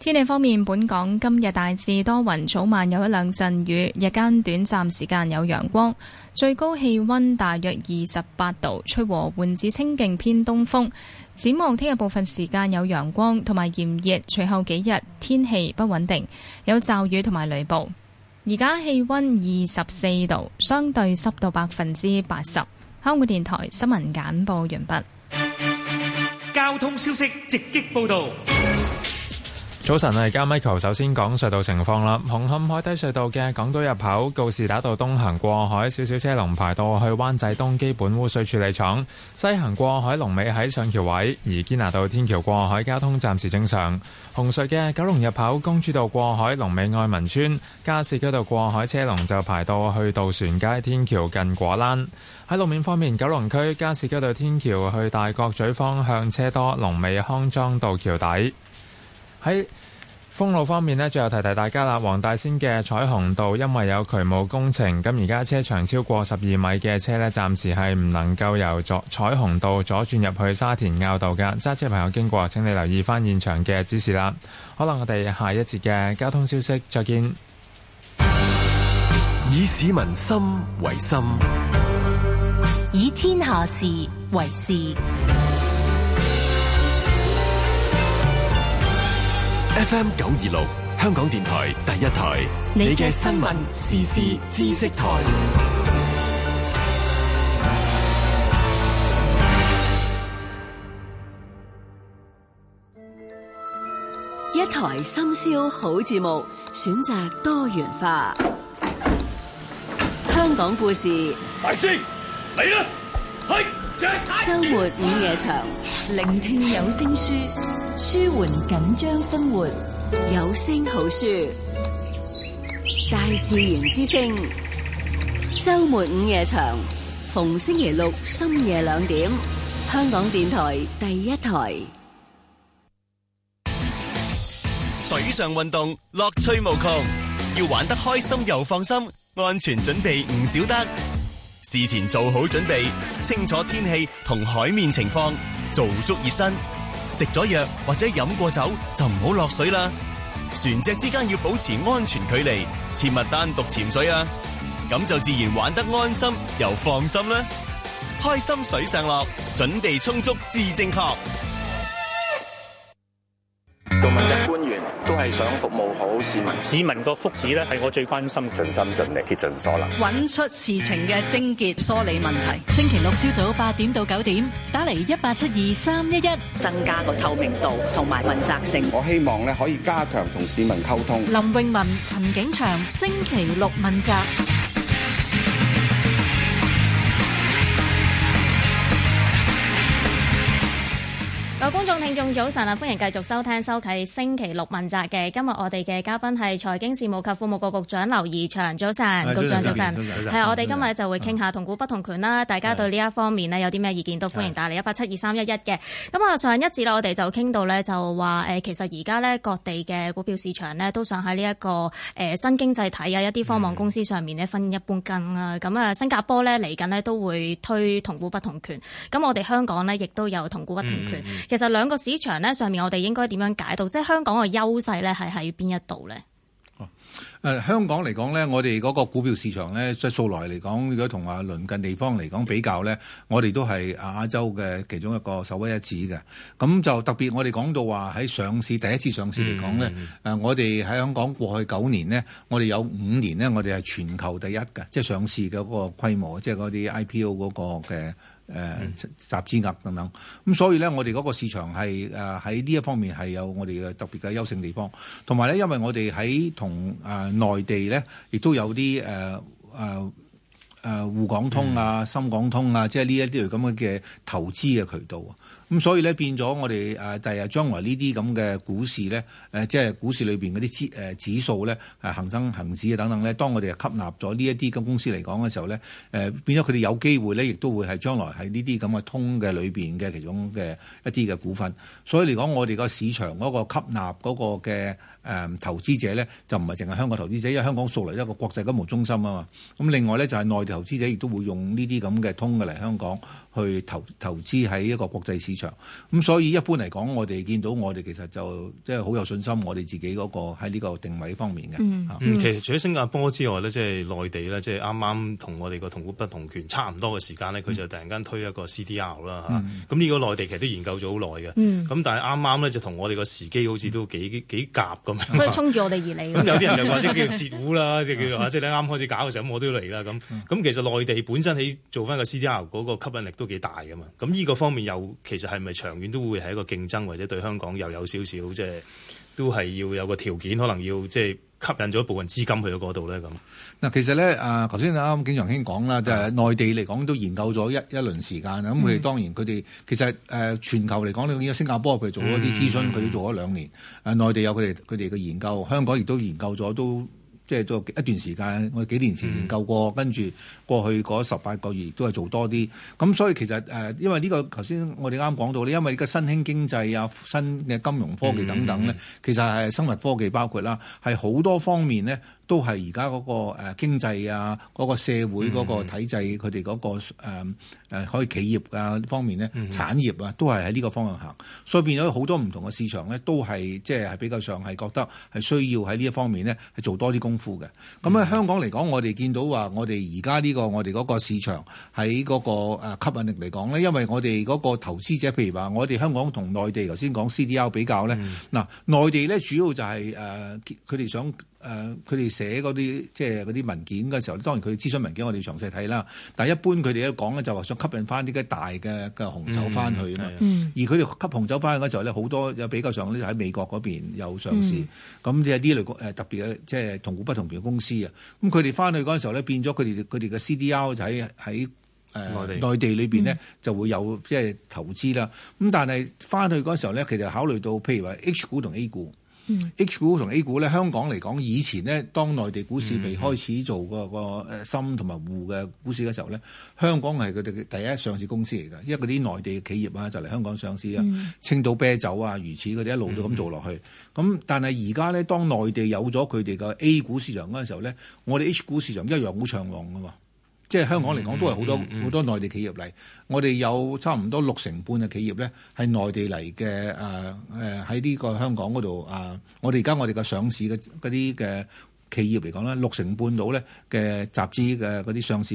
天氣方面，本港今日大致多雲，早晚有一兩陣雨，日間短暫時間有陽光，最高氣溫大約二十八度，吹和緩至清勁偏東風。展望聽日部分時間有陽光同埋炎熱，隨後幾日天氣不穩定，有驟雨同埋雷暴。而家氣溫二十四度，相對濕度百分之八十。香港電台新聞簡報完畢。交通消息直擊報道。早晨啊，而家 Michael 首先講隧道情況啦。紅磡海底隧道嘅港島入口告士打道東行過海，少少車龍排到去灣仔東基本污水處理廠；西行過海龍尾喺上橋位，而堅拿道天橋過海交通暫時正常。紅隧嘅九龍入口公主道過海龍尾愛民村，加士居道過海車龍就排到去渡船街天橋近果欄。喺路面方面，九龍區加士居道天橋去大角咀方向車多，龍尾康莊道橋底。喺封路方面呢，最後提提大家啦。黃大仙嘅彩虹道因為有渠務工程，咁而家車長超過十二米嘅車呢，暫時係唔能夠由彩虹道左轉入去沙田坳道噶。揸車嘅朋友經過，請你留意翻現場嘅指示啦。好啦，我哋下一節嘅交通消息再見。以市民心為心，以天下事為事。FM 九二六，香港電台第一台，你嘅新聞、時事、知識台，一台深宵好節目，選擇多元化。香港故事，大師嚟啦，係。周末午夜場、啊，聆聽有聲書。舒緩緊張生活，有聲好書，大自然之聲，周末午夜場，逢星期六深夜兩點，香港電台第一台。水上運動樂趣無窮，要玩得開心又放心，安全準備唔少得，事前做好準備，清楚天氣同海面情況，做足熱身。食咗藥或者飲過酒就唔好落水啦。船隻之間要保持安全距離，切勿單獨潛水啊。咁就自然玩得安心又放心啦。開心水上樂，準備充足至正確。係想服務好市民，市民個福祉咧係我最關心，盡心盡力竭盡所能，揾出事情嘅症結，梳理問題。星期六朝早八點到九點，打嚟一八七二三一一，增加個透明度同埋問責性。我希望咧可以加強同市民溝通。林詠雯、陳景祥，星期六問責。各位觀眾、聽眾，早晨啊！歡迎繼續收聽收睇星期六問責嘅。今日我哋嘅嘉賓係財經事務及庫務局局長劉怡翔，早晨，局長早晨。係啊，我哋今日就會傾下同股不同權啦，哦。大家對呢一方面咧有啲咩意見都歡迎打嚟一八七二三一一嘅。咁、嗯、啊、嗯嗯，上一節我哋就傾到呢，就話誒，其實而家咧各地嘅股票市場咧都想喺呢一個誒新經濟體啊一啲科網公司上面咧分一半羹啊。咁啊，新加坡咧嚟緊咧都會推同股不同權。咁我哋香港咧亦都有同股不同權。嗯嗯嗯其實兩個市場咧，上面我哋應該點樣解讀？即係香港嘅優勢咧，係喺邊一度咧？哦，誒，香港嚟講咧，我哋嗰個股票市場咧，即係素來嚟講，如果同話鄰近地方嚟講比較咧，我哋都係亞洲嘅其中一個首屈一指嘅。咁就特別我哋講到話喺上市，第一次上市嚟講咧，誒、嗯嗯呃，我哋喺香港過去九年呢，我哋有五年呢，我哋係全球第一嘅，即係上市嘅嗰個規模，即係嗰啲 IPO 嗰個嘅。誒、嗯、集資額等等，咁所以咧，我哋嗰個市場係誒喺呢一方面係有我哋嘅特別嘅優勝地方，同埋咧，因為我哋喺同誒、呃、內地咧，亦都有啲誒誒誒滬港通啊、深港通啊，嗯、即係呢一啲咁樣嘅投資嘅渠道。咁所以咧，變咗我哋誒第日將來呢啲咁嘅股市咧，即係股市裏面嗰啲指誒指數咧，誒恆生恆指啊等等咧，當我哋吸納咗呢一啲咁公司嚟講嘅時候咧，誒變咗佢哋有機會咧，亦都會係將來喺呢啲咁嘅通嘅裏面嘅其中嘅一啲嘅股份。所以嚟講，我哋個市場嗰個吸納嗰個嘅誒投資者咧，就唔係淨係香港投資者，因為香港素嚟一個國際金融中心啊嘛。咁另外咧，就係內地投資者亦都會用呢啲咁嘅通嘅嚟香港。去投投資喺一個國際市場，咁、嗯、所以一般嚟講，我哋見到我哋其實就即係好有信心，我哋自己嗰個喺呢個定位方面嘅、嗯嗯。其實除咗新加坡之外咧，即、就、係、是、內地咧，即係啱啱同我哋個同股不同權差唔多嘅時間呢，佢、嗯、就突然間推一個 CDR 啦、啊、嚇。咁、嗯、呢個內地其實都研究咗好耐嘅。咁、嗯、但係啱啱咧就同我哋個時機好似都幾、嗯、幾夾咁樣。都衝住我哋而嚟。咁 有啲人就或者、就是、叫截胡啦，即 係叫嚇，即係你啱開始搞嘅時候，我都要嚟啦咁。咁、嗯、其實內地本身喺做翻個 CDR 嗰個吸引力都。幾大噶嘛？咁呢個方面又其實係咪長遠都會係一個競爭，或者對香港又有少少，即係都係要有個條件，可能要即係吸引咗一部分資金去到嗰度咧？咁嗱，其實咧誒，頭先啱啱景祥兄講啦，就係、是、內地嚟講都研究咗一一輪時間。咁佢當然佢哋、嗯、其實誒、呃，全球嚟講咧，依個新加坡佢做嗰啲諮詢，佢、嗯、都做咗兩年。誒、呃，內地有佢哋佢哋嘅研究，香港亦都研究咗都。即係做一段時間，我幾年前研究過，跟、嗯、住過去嗰十八個月都係做多啲，咁所以其實誒，因為呢個頭先我哋啱講到咧，因為呢個新興經濟啊、新嘅金融科技等等咧、嗯，其實係生物科技包括啦，係好多方面咧。都係而家嗰個誒經濟啊，嗰、嗰個社會嗰個體制，佢哋嗰個誒、嗯啊、可以企業啊方面咧，產業啊都係喺呢個方向行，所以變咗好多唔同嘅市場咧，都係即係比較上係覺得係需要喺呢一方面咧係做多啲功夫嘅。咁、mm、喺 -hmm. 香港嚟講，我哋見到話、呢個，我哋而家呢個我哋嗰個市場喺嗰個吸引力嚟講咧，因為我哋嗰個投資者，譬如話我哋香港同內地，頭先講 C D R 比較咧，嗱、mm -hmm. 內地咧主要就係誒佢哋想。誒、呃，佢哋寫嗰啲即係啲文件嘅時候，當然佢諮詢文件我哋要詳細睇啦。但係一般佢哋都講咧，就話想吸引翻啲大嘅嘅紅酒翻去啊嘛。嗯、而佢哋吸紅酒翻去嗰時候咧，好多有比較上呢就喺美國嗰邊有上市。咁即係啲類誒、呃、特別嘅，即、就、係、是、同股不同權公司啊。咁佢哋翻去嗰時候咧，變咗佢哋佢哋嘅 CDR 就喺喺內地內地裏邊呢、嗯、就會有即係、就是、投資啦。咁但係翻去嗰時候咧，其實考慮到譬如話 H 股同 A 股。H 股同 A 股咧，香港嚟講，以前咧，當內地股市未開始做個個深同埋滬嘅股市嘅時候咧，香港係佢哋嘅第一上市公司嚟㗎。因為嗰啲內地嘅企業啊，就嚟香港上市啊，青、嗯、島啤酒啊、如此佢哋一路都咁做落去。咁、嗯、但係而家咧，當內地有咗佢哋嘅 A 股市場嗰陣時候咧，我哋 H 股市場一樣好暢旺㗎嘛。即係香港嚟講，都係好多好、嗯嗯嗯、多內地企業嚟。我哋有差唔多六成半嘅企業咧，係內地嚟嘅。誒、呃、誒，喺呢個香港嗰度啊，我哋而家我哋嘅上市嘅嗰啲嘅企業嚟講啦，六成半到咧嘅集資嘅嗰啲上市，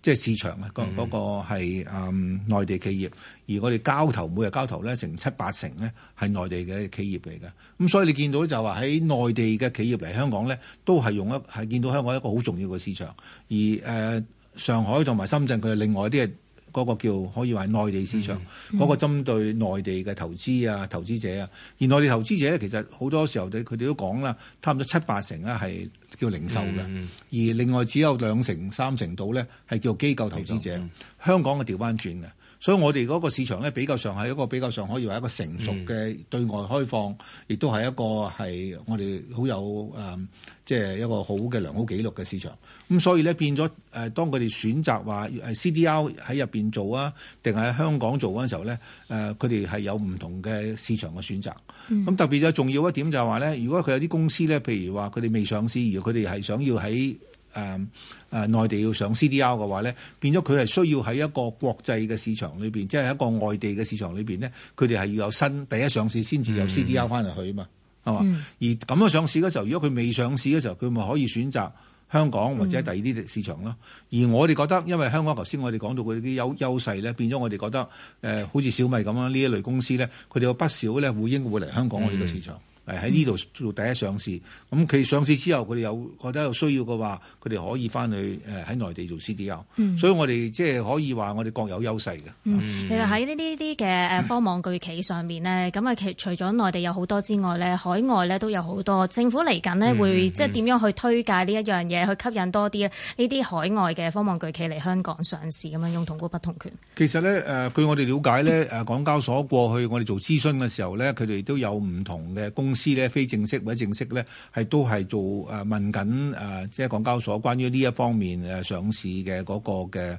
即係市場啊，嗰嗰、嗰個係、呃、內地企業。而我哋交投每日交投咧，成七八成咧係內地嘅企業嚟嘅。咁所以你見到就話喺內地嘅企業嚟香港咧，都係用一係見到香港一個好重要嘅市場。而誒。呃上海同埋深圳佢係另外一啲係個叫可以話係內地市場嗰、嗯嗯嗰個針對內地嘅投資啊投資者啊，而內地投資者咧其實好多時候對佢哋都講啦，差唔多七八成咧，係叫零售嘅、嗯，而另外只有兩成三成度咧係叫機構投資者、嗯，香港嘅調翻轉嘅。所以我哋嗰個市場咧比較上係一個比較上可以話一個成熟嘅對外開放，亦都係一個係我哋好有誒，即、呃、係、就是、一個好嘅良好記錄嘅市場。咁、嗯、所以咧變咗誒、呃，當佢哋選擇話誒 CDR 喺入邊做啊，定係喺香港做嗰陣時候咧，誒佢哋係有唔同嘅市場嘅選擇。咁、嗯、特別又重要一點就係話咧，如果佢有啲公司咧，譬如話佢哋未上市而佢哋係想要喺誒、呃、誒，內、呃、地要上 CDR 嘅話咧，變咗佢係需要喺一個國際嘅市場裏邊，即係一個外地嘅市場裏邊呢，佢哋係要有新第一上市先至有 CDR 翻嚟去啊嘛，係、嗯、嘛、嗯？而咁樣上市嘅時候，如果佢未上市嘅時候，佢咪可以選擇香港或者第二啲市場咯。嗯、而我哋覺得，因為香港頭先我哋講到佢啲優優勢咧，變咗我哋覺得誒、呃，好似小米咁樣呢一類公司咧，佢哋有不少咧會應會嚟香港我哋個市場。嗯誒喺呢度做第一上市，咁、嗯、佢上市之後，佢哋有覺得有需要嘅話，佢哋可以翻去誒喺內地做 CDL，、嗯、所以我哋即係可以話我哋各有優勢嘅。其實喺呢呢啲嘅誒科網巨企上面咧，咁啊其除咗內地有好多之外咧，海外咧都有好多政府嚟緊咧會、嗯、即係點樣去推介呢一樣嘢，去吸引多啲呢啲海外嘅科網巨企嚟香港上市咁樣用同股不同權。其實咧誒、呃，據我哋了解咧誒，港交所過去我哋做諮詢嘅時候咧，佢哋都有唔同嘅公公司咧非正式或者正式咧，係都係做誒問緊誒，即係港交所關於呢一方面誒上市嘅嗰個嘅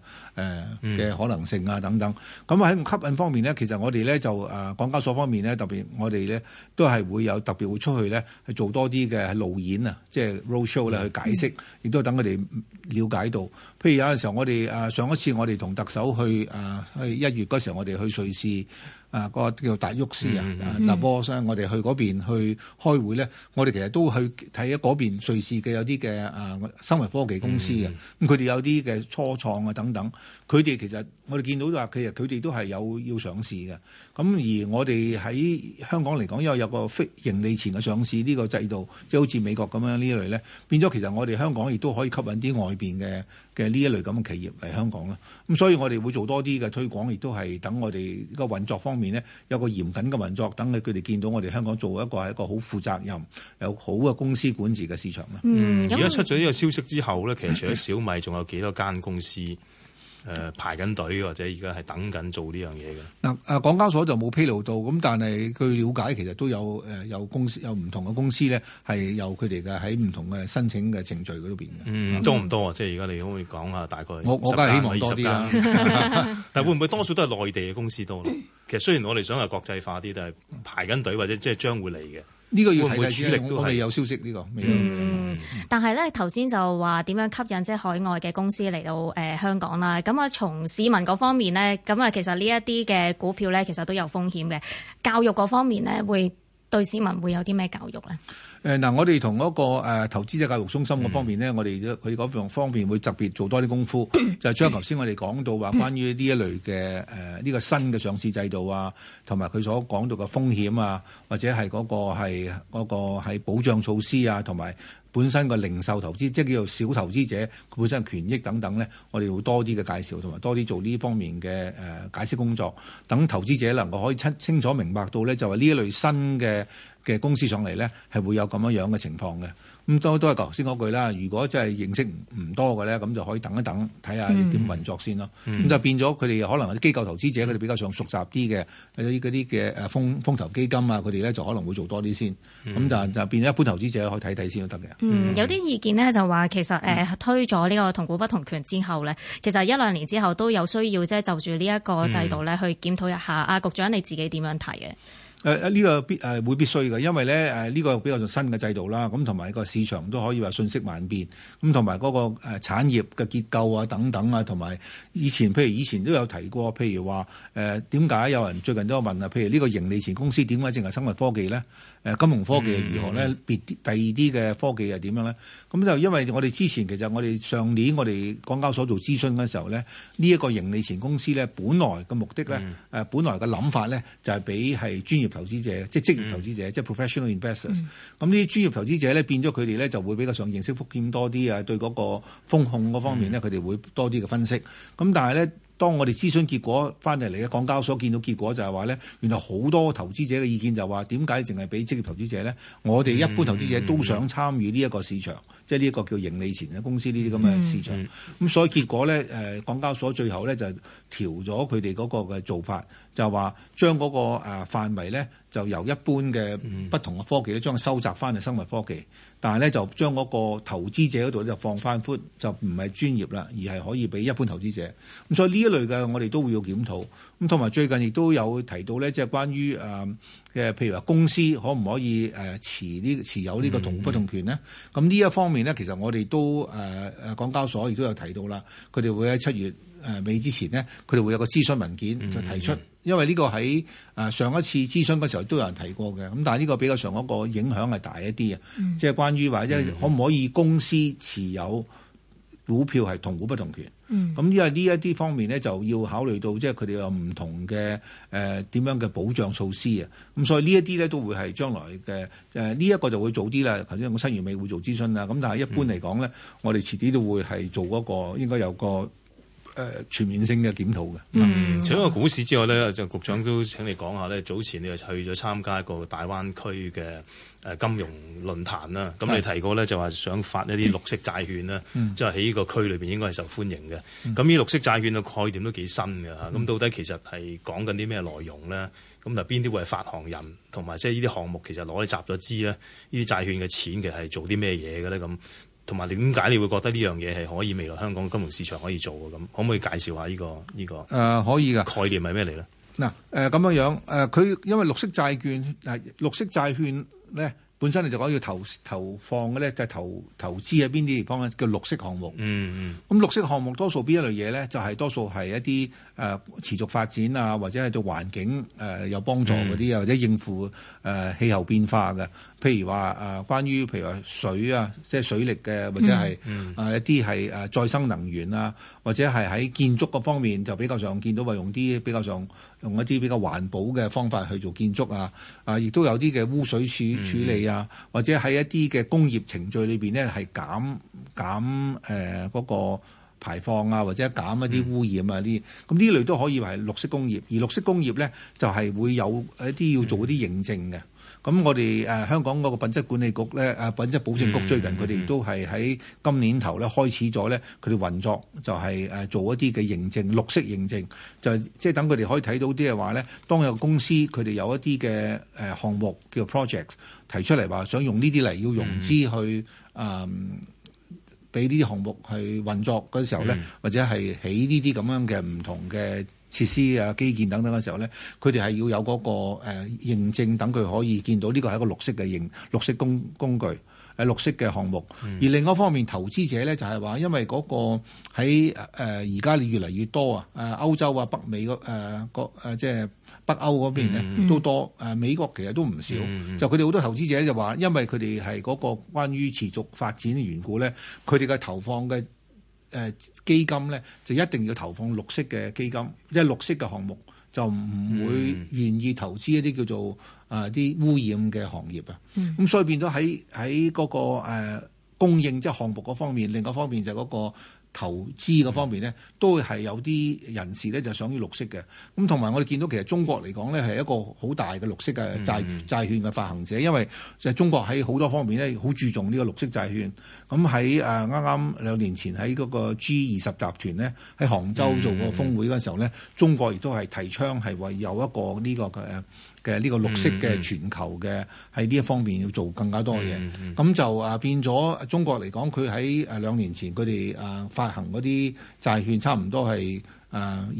誒嘅可能性啊等等。咁、嗯、喺吸引方面咧，其實我哋咧就誒港交所方面咧，特別我哋咧都係會有特別會出去咧，去做多啲嘅路演啊，即、就、係、是、roadshow 咧去解釋，亦、嗯、都等佢哋了解到。譬如有陣時候我哋誒上一次我哋同特首去誒去一月嗰時候，我哋去瑞士。啊個叫做達沃斯啊，達、mm -hmm. 啊、波商、啊，我哋去嗰邊去開會咧，我哋其實都去睇嗰邊瑞士嘅有啲嘅啊生物科技公司啊。咁佢哋有啲嘅初創啊等等，佢哋其實我哋見到都話，其實佢哋都係有要上市嘅。咁而我哋喺香港嚟講，因為有個非盈利前嘅上市呢個制度，即、就、係、是、好似美國咁樣呢類咧，變咗其實我哋香港亦都可以吸引啲外邊嘅嘅呢一類咁嘅企業嚟香港啦。咁所以我哋會做多啲嘅推廣，亦都係等我哋個運作方面。面有個嚴謹嘅運作，等佢佢哋見到我哋香港做一個係一個好負責任、有好嘅公司管治嘅市場。嗯，而家出咗呢個消息之後咧，其實除咗小米，仲有幾多間公司？誒、呃、排緊隊或者而家係等緊做呢樣嘢嘅嗱，港交所就冇披露到。咁但係據了解其實都有誒、呃、有公司有唔同嘅公司咧，係有佢哋嘅喺唔同嘅申請嘅程序嗰邊嘅。嗯，中多唔多啊？即係而家你可唔可以講下大概我？我我更加希望多啲啦、啊。 但會唔會多數都係內地嘅公司多咯？ 其實雖然我哋想係國際化啲，但係排緊隊或者即係將會嚟嘅。呢個要睇嘅主力都係，我未有消息呢個嗯。嗯，但係咧頭先就話點樣吸引即係海外嘅公司嚟到誒香港啦？咁啊從市民嗰方面咧，咁啊其實呢一啲嘅股票咧，其實都有風險嘅。教育嗰方面咧，會對市民會有啲咩教育咧？誒、呃、嗱，我哋同嗰個、啊、投資者教育中心嘅方面呢、嗯、我哋都佢嗰方方面會特別做多啲功夫，嗯、就係將頭先我哋講到話關於呢一類嘅誒呢個新嘅上市制度啊，同埋佢所講到嘅風險啊，或者係嗰個係嗰、個係、保障措施啊，同埋本身嘅零售投資，即係叫做小投資者，佢本身嘅權益等等呢，我哋會多啲嘅介紹，同埋多啲做呢方面嘅誒、呃、解釋工作，等投資者能夠可以清清楚明白到呢，就係、是、呢一類新嘅。嘅公司上嚟咧，係會有咁樣樣嘅情況嘅。咁都都係頭先嗰句啦。如果真係認識唔多嘅咧，咁就可以等一等，睇下點運作先咯。咁、嗯嗯、就變咗佢哋可能啲機構投資者，佢哋比較想熟習啲嘅，有啲嗰啲嘅誒風風投基金啊，佢哋咧就可能會做多啲先。咁、嗯、就就變咗一般投資者可以睇睇先都得嘅。有啲意見呢，就話其實誒、呃、推咗呢個同股不同權之後呢，其實一兩年之後都有需要即係就住呢一個制度咧去檢討一下。阿、嗯啊、局長你自己點樣睇嘅？誒、啊、呢、這個必誒、啊、會必須嘅，因為咧誒呢個比較新嘅制度啦，咁同埋個市場都可以話瞬息萬變，咁同埋嗰個誒、啊、產業嘅結構啊等等啊，同埋以前譬如以前都有提過，譬如話誒點解有人最近都有問啊？譬如呢個盈利前公司點解淨係生物科技咧？誒、啊、金融科技如何咧？別第二啲嘅科技又點樣咧？咁、啊、就因為我哋之前其實我哋上年我哋港交所做諮詢嘅時候咧，呢、這、一個盈利前公司咧、嗯啊，本來嘅目的咧，誒本來嘅諗法咧，就係俾係專業。投資者，即係職業投資者，嗯、即係 professional investors、嗯。咁呢啲專業投資者咧，變咗佢哋咧就會比較上認識風險多啲啊。對嗰個風控嗰方面咧，佢哋會多啲嘅分析。咁、嗯、但係咧，當我哋諮詢結果翻嚟嚟嘅港交所見到結果就係話咧，原來好多投資者嘅意見就話，點解淨係俾職業投資者咧？我哋一般投資者都想參與呢一個市場，嗯嗯、即係呢一個叫盈利前嘅公司呢啲咁嘅市場。咁、嗯嗯嗯、所以結果咧，誒，港交所最後咧就係。調咗佢哋嗰個嘅做法，就話將嗰個誒範圍咧，就由一般嘅不同嘅科技，咧將收窄翻係生物科技，但係咧就將嗰個投資者嗰度咧放翻寬，就唔係專業啦，而係可以俾一般投資者。咁所以呢一類嘅我哋都會要檢討。咁同埋最近亦都有提到咧，即係關於誒嘅譬如話公司可唔可以誒持呢持有呢個同不同權呢？咁呢，嗯嗯，一方面呢，其實我哋都誒誒港交所亦都有提到啦，佢哋會喺七月。誒、呃、未之前呢，佢哋會有個諮詢文件就提出，嗯嗯、因為呢個喺誒、呃、上一次諮詢嗰時候都有人提過嘅，咁但係呢個比較上嗰個影響係大一啲啊、嗯，即係關於話即係可唔可以公司持有股票係同股不同權，咁因為呢一啲方面呢，就要考慮到即係佢哋有唔同嘅誒點樣嘅保障措施啊，咁所以呢一啲呢，都會係將來嘅誒呢一個就會早啲啦。頭先我七月尾會做諮詢啊，咁但係一般嚟講呢，嗯、我哋遲啲都會係做嗰個應該有個。誒、呃、全面性嘅檢討嘅，嗯，除咗個股市之外咧，就、嗯、局長都請你講下咧。早前你又去咗參加一個大灣區嘅金融論壇啦，咁你提過咧就話想發一啲綠色債券啦，即係喺呢個區裏邊應該係受歡迎嘅。咁、嗯、呢綠色債券嘅概念都幾新㗎吓。咁、嗯、到底其實係講緊啲咩內容咧？咁就邊啲會係發行人，同埋即係呢啲項目其實攞你集咗資咧？呢啲債券嘅錢其實係做啲咩嘢嘅咧？咁？同埋點解你會覺得呢樣嘢係可以未來香港金融市場可以做嘅咁？可唔可以介紹下呢個呢個？誒、這個呃，可以嘅概念係咩嚟咧？嗱誒咁樣樣誒，佢、呃、因為綠色債券，呃、綠色債券咧。呃本身你就講要投投放嘅咧，就係、投投資喺邊啲地方咧？叫綠色項目。嗯嗯。咁綠色項目多數邊一類嘢咧？就係、是、多數係一啲誒、呃、持續發展啊，或者係對環境誒有幫助嗰啲、嗯，或者應付誒、呃、氣候變化嘅。譬如話誒、呃，關於譬如話水啊，即係水力嘅、啊，或者係誒、嗯嗯呃、一啲係誒再生能源啊，或者係喺建築嗰方面就比較上見到話用啲比較上。用一啲比較環保嘅方法去做建築啊，啊，亦都有啲嘅污水處，處理啊，或者喺一啲嘅工業程序裏面呢，係減減誒嗰個排放啊，或者減一啲污染啊啲，咁、嗯、呢類都可以係綠色工業。而綠色工業咧，就係會有一啲要做啲認證嘅。嗯咁我哋誒、呃、香港嗰個品質管理局咧、啊，品質保證局最近佢哋、嗯、都係喺今年頭咧開始咗咧，佢哋運作就係、是呃、做一啲嘅認證，綠色認證，就即係等佢哋可以睇到啲嘅話咧，當有公司佢哋有一啲嘅、呃、項目叫 project 提出嚟話想用呢啲嚟要融資去誒，俾呢啲項目去運作嗰時候咧、嗯，或者係起呢啲咁樣嘅唔同嘅。設施啊、基建等等嘅時候咧，佢哋係要有嗰個誒認證，等佢可以見到呢個係一個綠色嘅認綠色工工具，誒、呃、綠色嘅項目、嗯。而另一方面，投資者咧就係話，因為嗰個喺誒而家越嚟越多啊，誒歐洲啊、北美個誒即係北歐嗰邊咧都多，誒、嗯、美國其實都唔少。嗯、就佢哋好多投資者就話，因為佢哋係嗰個關於持續發展嘅緣故咧，佢哋嘅投放嘅。誒基金咧就一定要投放綠色嘅基金，即係綠色嘅項目，就唔會願意投資一啲叫做誒啲污染嘅行業啊。咁，嗯，所以變咗喺喺嗰個誒供應，即係項目嗰方面，另外一方面就係嗰個。投資嗰方面呢，都係有啲人士呢就想要綠色嘅，咁同埋我哋見到其實中國嚟講呢係一個好大嘅綠色嘅債債券嘅發行者，因為就係中國喺好多方面呢好注重呢個綠色債券。咁喺啱啱兩年前喺嗰個 G 二十集團呢，喺杭州做個峰會嗰時候呢，中國亦都係提倡係話有一個呢個嘅嘅呢個綠色嘅全球嘅喺呢一方面要做更加多嘅嘢，咁、嗯嗯嗯、就啊變咗中國嚟講，佢喺誒兩年前佢哋啊發行嗰啲債券差唔多係，誒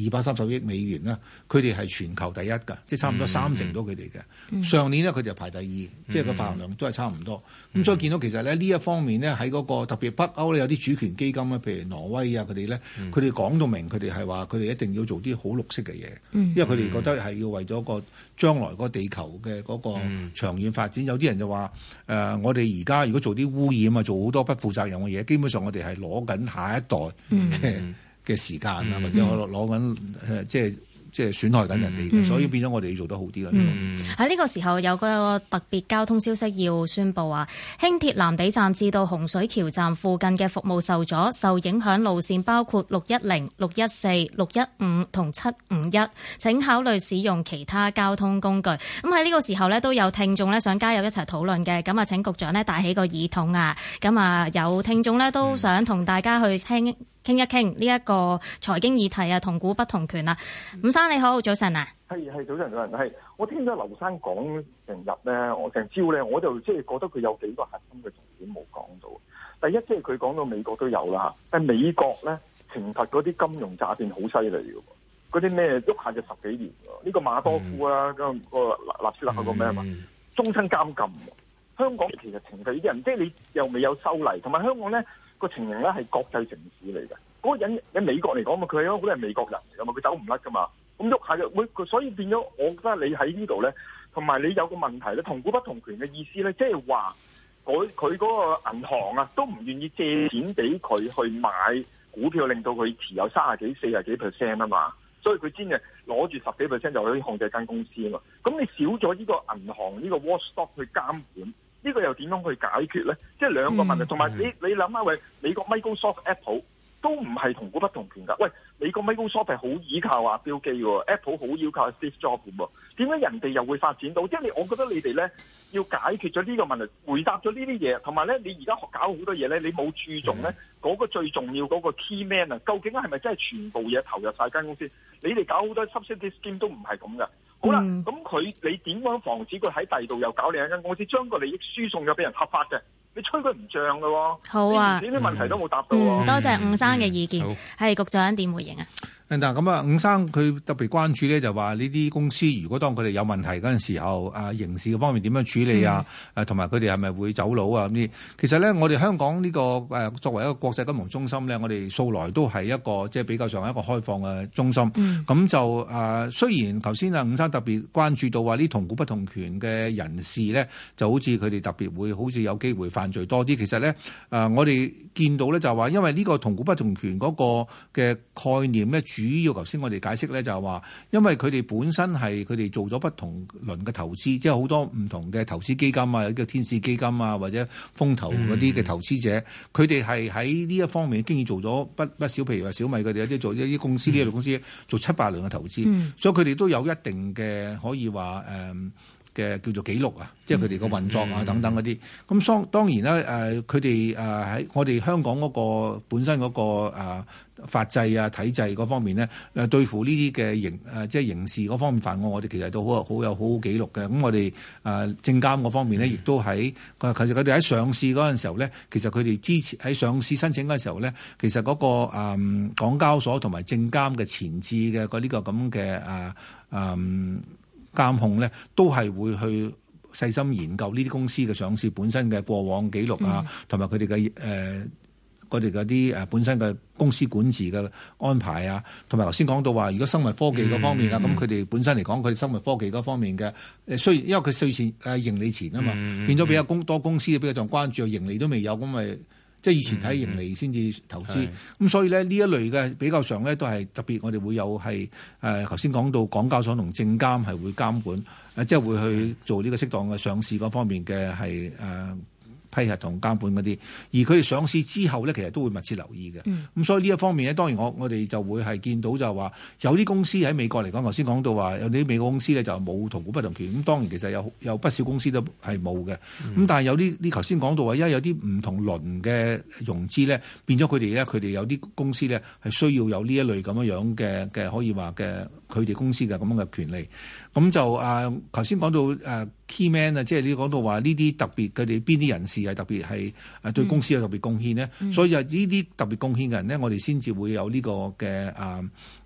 二百三十億美元啦，佢哋係全球第一㗎，即係差唔多三成到佢哋嘅。上年咧，佢哋排第二，嗯、即係個發行量都係差唔多。咁、嗯、所以見到其實咧呢一方面咧喺嗰個特別北歐咧，有啲主權基金，譬如挪威啊佢哋咧，佢哋講到明佢哋係話佢哋一定要做啲好綠色嘅嘢、嗯，因為佢哋覺得係要為咗個將來個地球嘅嗰個長遠發展。嗯、有啲人就話誒、呃，我哋而家如果做啲污染啊，做好多不負責任嘅嘢，基本上我哋係攞緊下一代嘅。嗯嗯嘅時間啊，或者我攞緊即係即係損害緊人哋嘅、嗯，所以變咗我哋要做得好啲啦。喺、嗯、呢、這個嗯、個時候有個特別交通消息要宣佈啊，輕鐵藍地站至到洪水橋站附近嘅服務受阻，受影響路線包括六一零、六一四、六一五同七五一，請考慮使用其他交通工具。咁喺呢個時候呢都有聽眾呢想加入一齊討論嘅，咁啊請局長呢戴起個耳筒啊，咁啊有聽眾呢都想同大家去聽。傾一傾呢一個財經議題啊，同股不同權啦。伍生你好，早晨啊，係係早晨早晨。係我聽咗劉生講成日咧，我成朝咧，我就即係覺得佢有幾個核心嘅重點冇講到。第一即係佢講到美國都有啦，但美國咧懲罰嗰啲金融詐騙好犀利嘅，嗰啲咩喐下就十幾年喎。呢個馬多夫啊咁個納斯達克個咩啊嘛，終身監禁。香港其實懲罰呢啲人，即係你又未有修例，同埋香港咧。嗰個情形咧係國際城市嚟嘅，嗰個人喺美國嚟講嘛，佢係好多係美國人嚟㗎嘛，佢走唔甩㗎嘛，咁喐下，所以變咗我覺得你喺呢度咧，同埋你有個問題咧，同股不同權嘅意思咧，即係話，佢嗰個銀行啊，都唔願意借錢俾佢去買股票，令到佢持有三十幾四十幾 percent 啊嘛，所以佢先至攞住十幾 percent 就可以控制間公司啊嘛，咁你少咗呢個銀行呢個 Wall Street 去監管。呢、這個又點樣去解決咧？即係兩個問題，同、嗯、埋你你諗下喂，美國 Microsoft、Apple 都唔係同股不同權㗎。喂，美國 Microsoft 係好倚靠阿標記喎，Apple 好倚靠 Steve Jobs 喎。點解人哋又會發展到？即係你，我覺得你哋咧要解決咗呢個問題，回答咗呢啲嘢，同埋咧你而家學搞好多嘢咧，你冇注重咧嗰、嗯嗰個最重要嗰個 key man 啊？究竟係咪真係全部嘢投入晒間公司？你哋搞好多 subsidy scheme 都唔係咁㗎。嗯、好啦，咁佢你點樣防止佢喺第二度又搞另一間公司，將個利益輸送咗俾人合法嘅？你吹佢唔漲噶？好啊，呢啲問題都冇答到啊！嗯、多謝吳生嘅意見，係、嗯、局長點回應啊？咁、嗯、啊，伍生佢特別關注咧，就話呢啲公司如果當佢哋有問題嗰陣時候，啊，刑事嘅方面點樣處理啊？誒同埋佢哋係咪會走佬啊？咁啲其實咧，我哋香港呢、這個、啊、作為一個國際金融中心咧，我哋素來都係一個即係、就是、比較上一個開放嘅中心。咁、嗯、就誒、啊、雖然頭先啊，伍生特別關注到話呢同股不同權嘅人士咧，就好似佢哋特別會好似有機會犯罪多啲。其實咧誒、啊、我哋見到咧就話，因為呢個同股不同權嗰個嘅概念咧。主要頭先我哋解釋咧就係話，因為佢哋本身係佢哋做咗不同輪嘅投資，即係好多唔同嘅投資基金啊，有叫天使基金啊，或者風投嗰啲嘅投資者，佢哋係喺呢一方面經已做咗不不少，譬如話小米佢哋即係做一啲公司呢類，嗯、公司做七八輪嘅投資，嗯、所以佢哋都有一定嘅可以話嘅叫做記錄啊，即係佢哋個運作啊等等嗰啲。咁、嗯、當、嗯嗯、當然啦，誒佢哋誒喺我哋香港嗰個本身嗰、嗰個、呃、法制啊體制嗰方面呢，誒、呃、對付呢啲嘅刑誒、呃、即係刑事嗰方面犯案，我哋其實都好有好有好好記錄嘅。咁我哋誒、呃、證監嗰方面呢，亦都喺其實佢哋喺上市嗰陣時候呢，其實佢哋之前喺上市申請嗰陣時候呢，其實嗰、嗰個、呃、港交所同埋證監嘅前置嘅嗰呢個咁嘅誒誒。呃呃監控呢都係會去細心研究呢啲公司嘅上市本身嘅過往記錄啊，同埋佢哋嘅誒，佢哋啲誒本身嘅公司管治嘅安排啊，同埋頭先講到話，如果生物科技嗰方面啊，咁佢哋本身嚟講，佢哋生物科技嗰方面嘅誒，雖然因為佢稅前誒盈利前啊嘛，變、嗯、咗、嗯、比較公多公司比較重關注，盈利都未有咁咪。即係以前睇盈利先至投資，咁、嗯嗯、所以咧呢這一類嘅比較上咧都係特別，我哋會有係誒頭先講到港交所同證監係會監管，誒、呃、即係會去做呢個適當嘅上市嗰方面嘅係誒。批核同監管嗰啲，而佢哋上市之後咧，其實都會密切留意嘅。咁、嗯嗯、所以呢一方面咧，當然我我哋就會係見到就話有啲公司喺美國嚟講，頭先講到話有啲美國公司咧就冇同股不同權。咁當然其實有有不少公司都係冇嘅。咁、嗯、但係有啲你頭先講到話，因為有啲唔同輪嘅融資咧，變咗佢哋咧，佢哋有啲公司咧係需要有呢一類咁樣樣嘅嘅可以話嘅。佢哋公司嘅咁樣嘅權利，咁就誒，頭先講到誒 key man 啊，即係、啊、你講到話呢啲特別，佢哋邊啲人士係特別，係誒對公司有特別貢獻咧，所以啊，呢啲特別貢獻嘅人咧，我哋先至會有呢個嘅誒。啊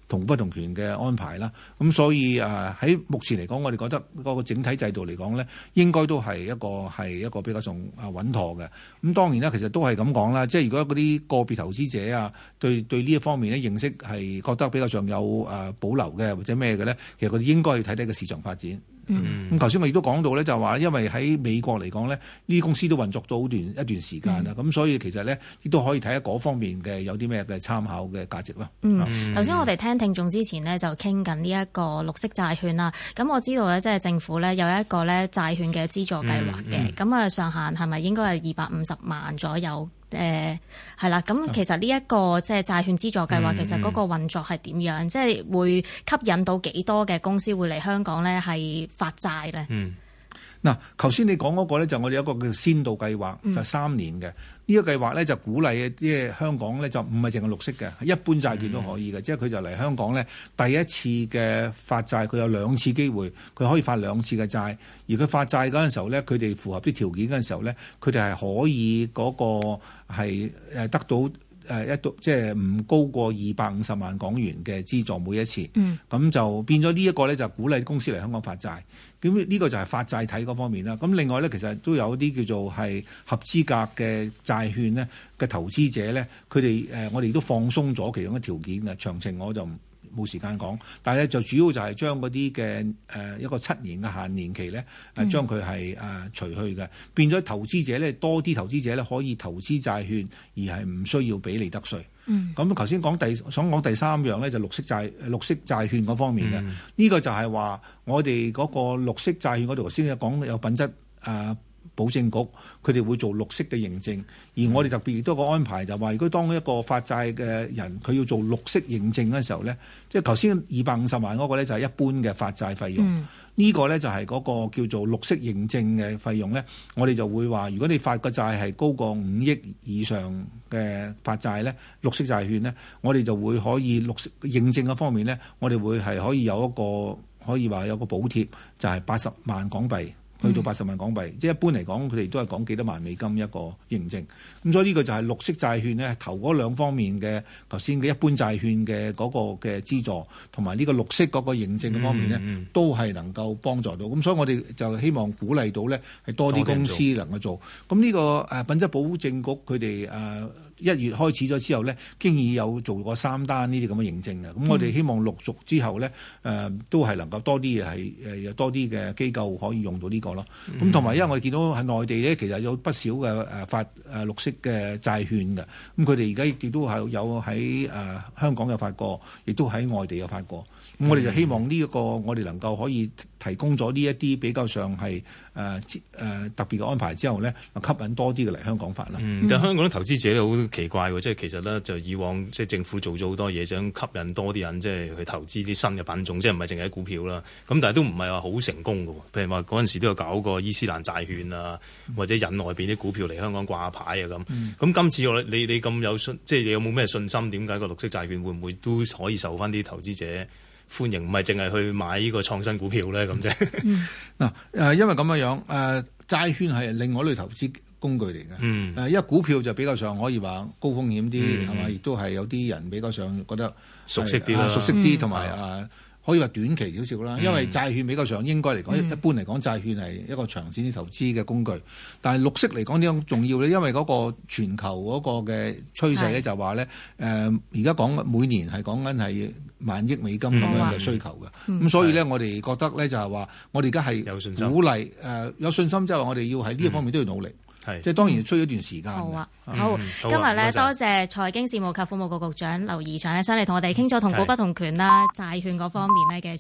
同不同權嘅安排啦，咁所以啊喺目前嚟講，我哋覺得嗰個整體制度嚟講咧，應該都係一個係一個比較重、啊穩妥嘅。咁當然啦，其實都係咁講啦，即係如果嗰啲個別投資者啊，對對呢一方面咧認識係覺得比較上有誒保留嘅或者咩嘅咧，其實佢哋應該要睇睇個市場發展。咁頭先我亦都講到咧，就話因為喺美國嚟講咧，呢啲公司都運作咗好段一段時間啦，咁、嗯、所以其實咧亦都可以睇下嗰方面嘅有啲咩嘅參考嘅價值啦。嗯，頭、嗯、先我哋聽聽眾之前呢，就傾緊呢一個綠色債券啦，咁我知道咧即係政府咧有一個咧債券嘅資助計劃嘅，咁、嗯、啊、嗯、上限係咪應該係二百五十萬左右？係、嗯、啦，咁其實呢一個即係債券資助計劃，其實嗰個運作係點樣？嗯嗯、即係會吸引到幾多嘅公司會嚟香港咧，係發債咧。嗯嗱，頭先你講嗰個咧就我哋有一個叫先導計劃，就三、是、年嘅呢、嗯呢個計劃咧就鼓勵啲香港咧就唔係淨係綠色嘅，一般債券都可以嘅、嗯，即係佢就嚟香港咧第一次嘅發債，佢有兩次機會，佢可以發兩次嘅債。而佢發債嗰陣時候咧，佢哋符合啲條件嗰陣時候咧，佢哋係可以嗰個係得到一度即係唔高過二百五十萬港元嘅資助每一次。嗯，咁就變咗呢一個咧就鼓勵公司嚟香港發債。咁、這、呢個就係發債體嗰方面啦。咁另外咧，其實都有啲叫做係合資格嘅債券咧嘅投資者咧，佢哋誒我哋都放鬆咗其中嘅條件嘅。詳情我就冇時間講，但係咧就主要就係將嗰啲嘅誒一個七年嘅限年期咧，誒將佢係誒除去嘅、嗯，變咗投資者咧多啲投資者咧可以投資債券而係唔需要俾利得稅。咁頭先講第想講第三樣咧，就綠色債綠色債券嗰方面嘅。呢、嗯呢個就係話我哋嗰個綠色債券嗰度頭先講有品質誒保證局，佢哋會做綠色嘅認證，而我哋特別亦都個安排就話，如果當一個發債嘅人佢要做綠色認證嘅時候咧，即係頭先二百五十萬嗰個咧就係一般嘅發債費用。嗯呢個呢，就係嗰個叫做綠色認證嘅費用呢，我哋就會話，如果你發個債係高過五億以上嘅發債呢，綠色債券呢，我哋就會可以綠色認證嘅方面呢，我哋會係可以有一個可以話有個補貼，就係八十萬港幣。去到八十萬港幣，即係一般嚟講，佢哋都係講幾多萬美金一個認證。咁所以呢個就係綠色債券咧，頭嗰兩方面嘅頭先嘅一般債券嘅嗰個嘅資助，同埋呢個綠色嗰個認證嘅方面咧，都係能夠幫助到。咁所以我哋就希望鼓勵到咧係多啲公司能夠做。咁呢個誒品質保證局佢哋誒。呃一月開始咗之後呢，經已有做過三單呢啲咁嘅認證嘅，咁我哋希望陸續之後呢，誒、呃、都係能夠多啲係誒，有多啲嘅機構可以用到呢、呢個咯。咁同埋因為我哋見到喺內地呢，其實有不少嘅誒發誒綠色嘅債券嘅，咁佢哋而家亦都係有喺誒、呃、香港有發過亦都喺外地有發過咁我哋就希望呢、這、一個，我哋能夠可以提供咗呢一啲比較上係誒誒特別嘅安排之後呢，吸引多啲嘅嚟香港發啦、嗯。就香港啲投資者咧好奇怪，即係其實呢，就以往即係政府做咗好多嘢，想吸引多啲人即係去投資啲新嘅品種，即係唔係淨係股票啦。咁但係都唔係話好成功喎。譬如話嗰陣時都有搞過伊斯蘭債券啊，或者引外邊啲股票嚟香港掛牌啊咁。咁、嗯、今次我你你咁有信，即係你有冇咩信心？點解個綠色債券會唔會都可以受翻啲投資者？歡迎唔係淨係去買呢個創新股票咧咁啫。嗱 誒、嗯呃，因為咁嘅樣誒，債券係另外一類投資工具嚟嘅。嗯，誒，因為股票就比較上可以話高風險啲，係、嗯、嘛？亦都係有啲人比較上覺得熟悉啲啦，熟悉啲同埋誒。啊可以話短期少少啦，因為債券比較上應該嚟講，一般嚟講債券係一個長線啲投資嘅工具。嗯、但係綠色嚟講點樣重要咧？因為嗰個全球嗰個嘅趨勢咧，就話咧誒，而家講每年係講緊係萬億美金咁樣嘅需求嘅。咁所以咧，我哋覺得咧就係話，我哋而家係有信心鼓勵誒，有信心即係話我哋要喺呢一方面都要努力。嗯係，即係當然需要一段時間，好啊，好，嗯、今日咧多謝財經事務及庫務局局長劉怡翔咧，上嚟同我哋傾咗同股不同權啦，債券嗰方面咧嘅。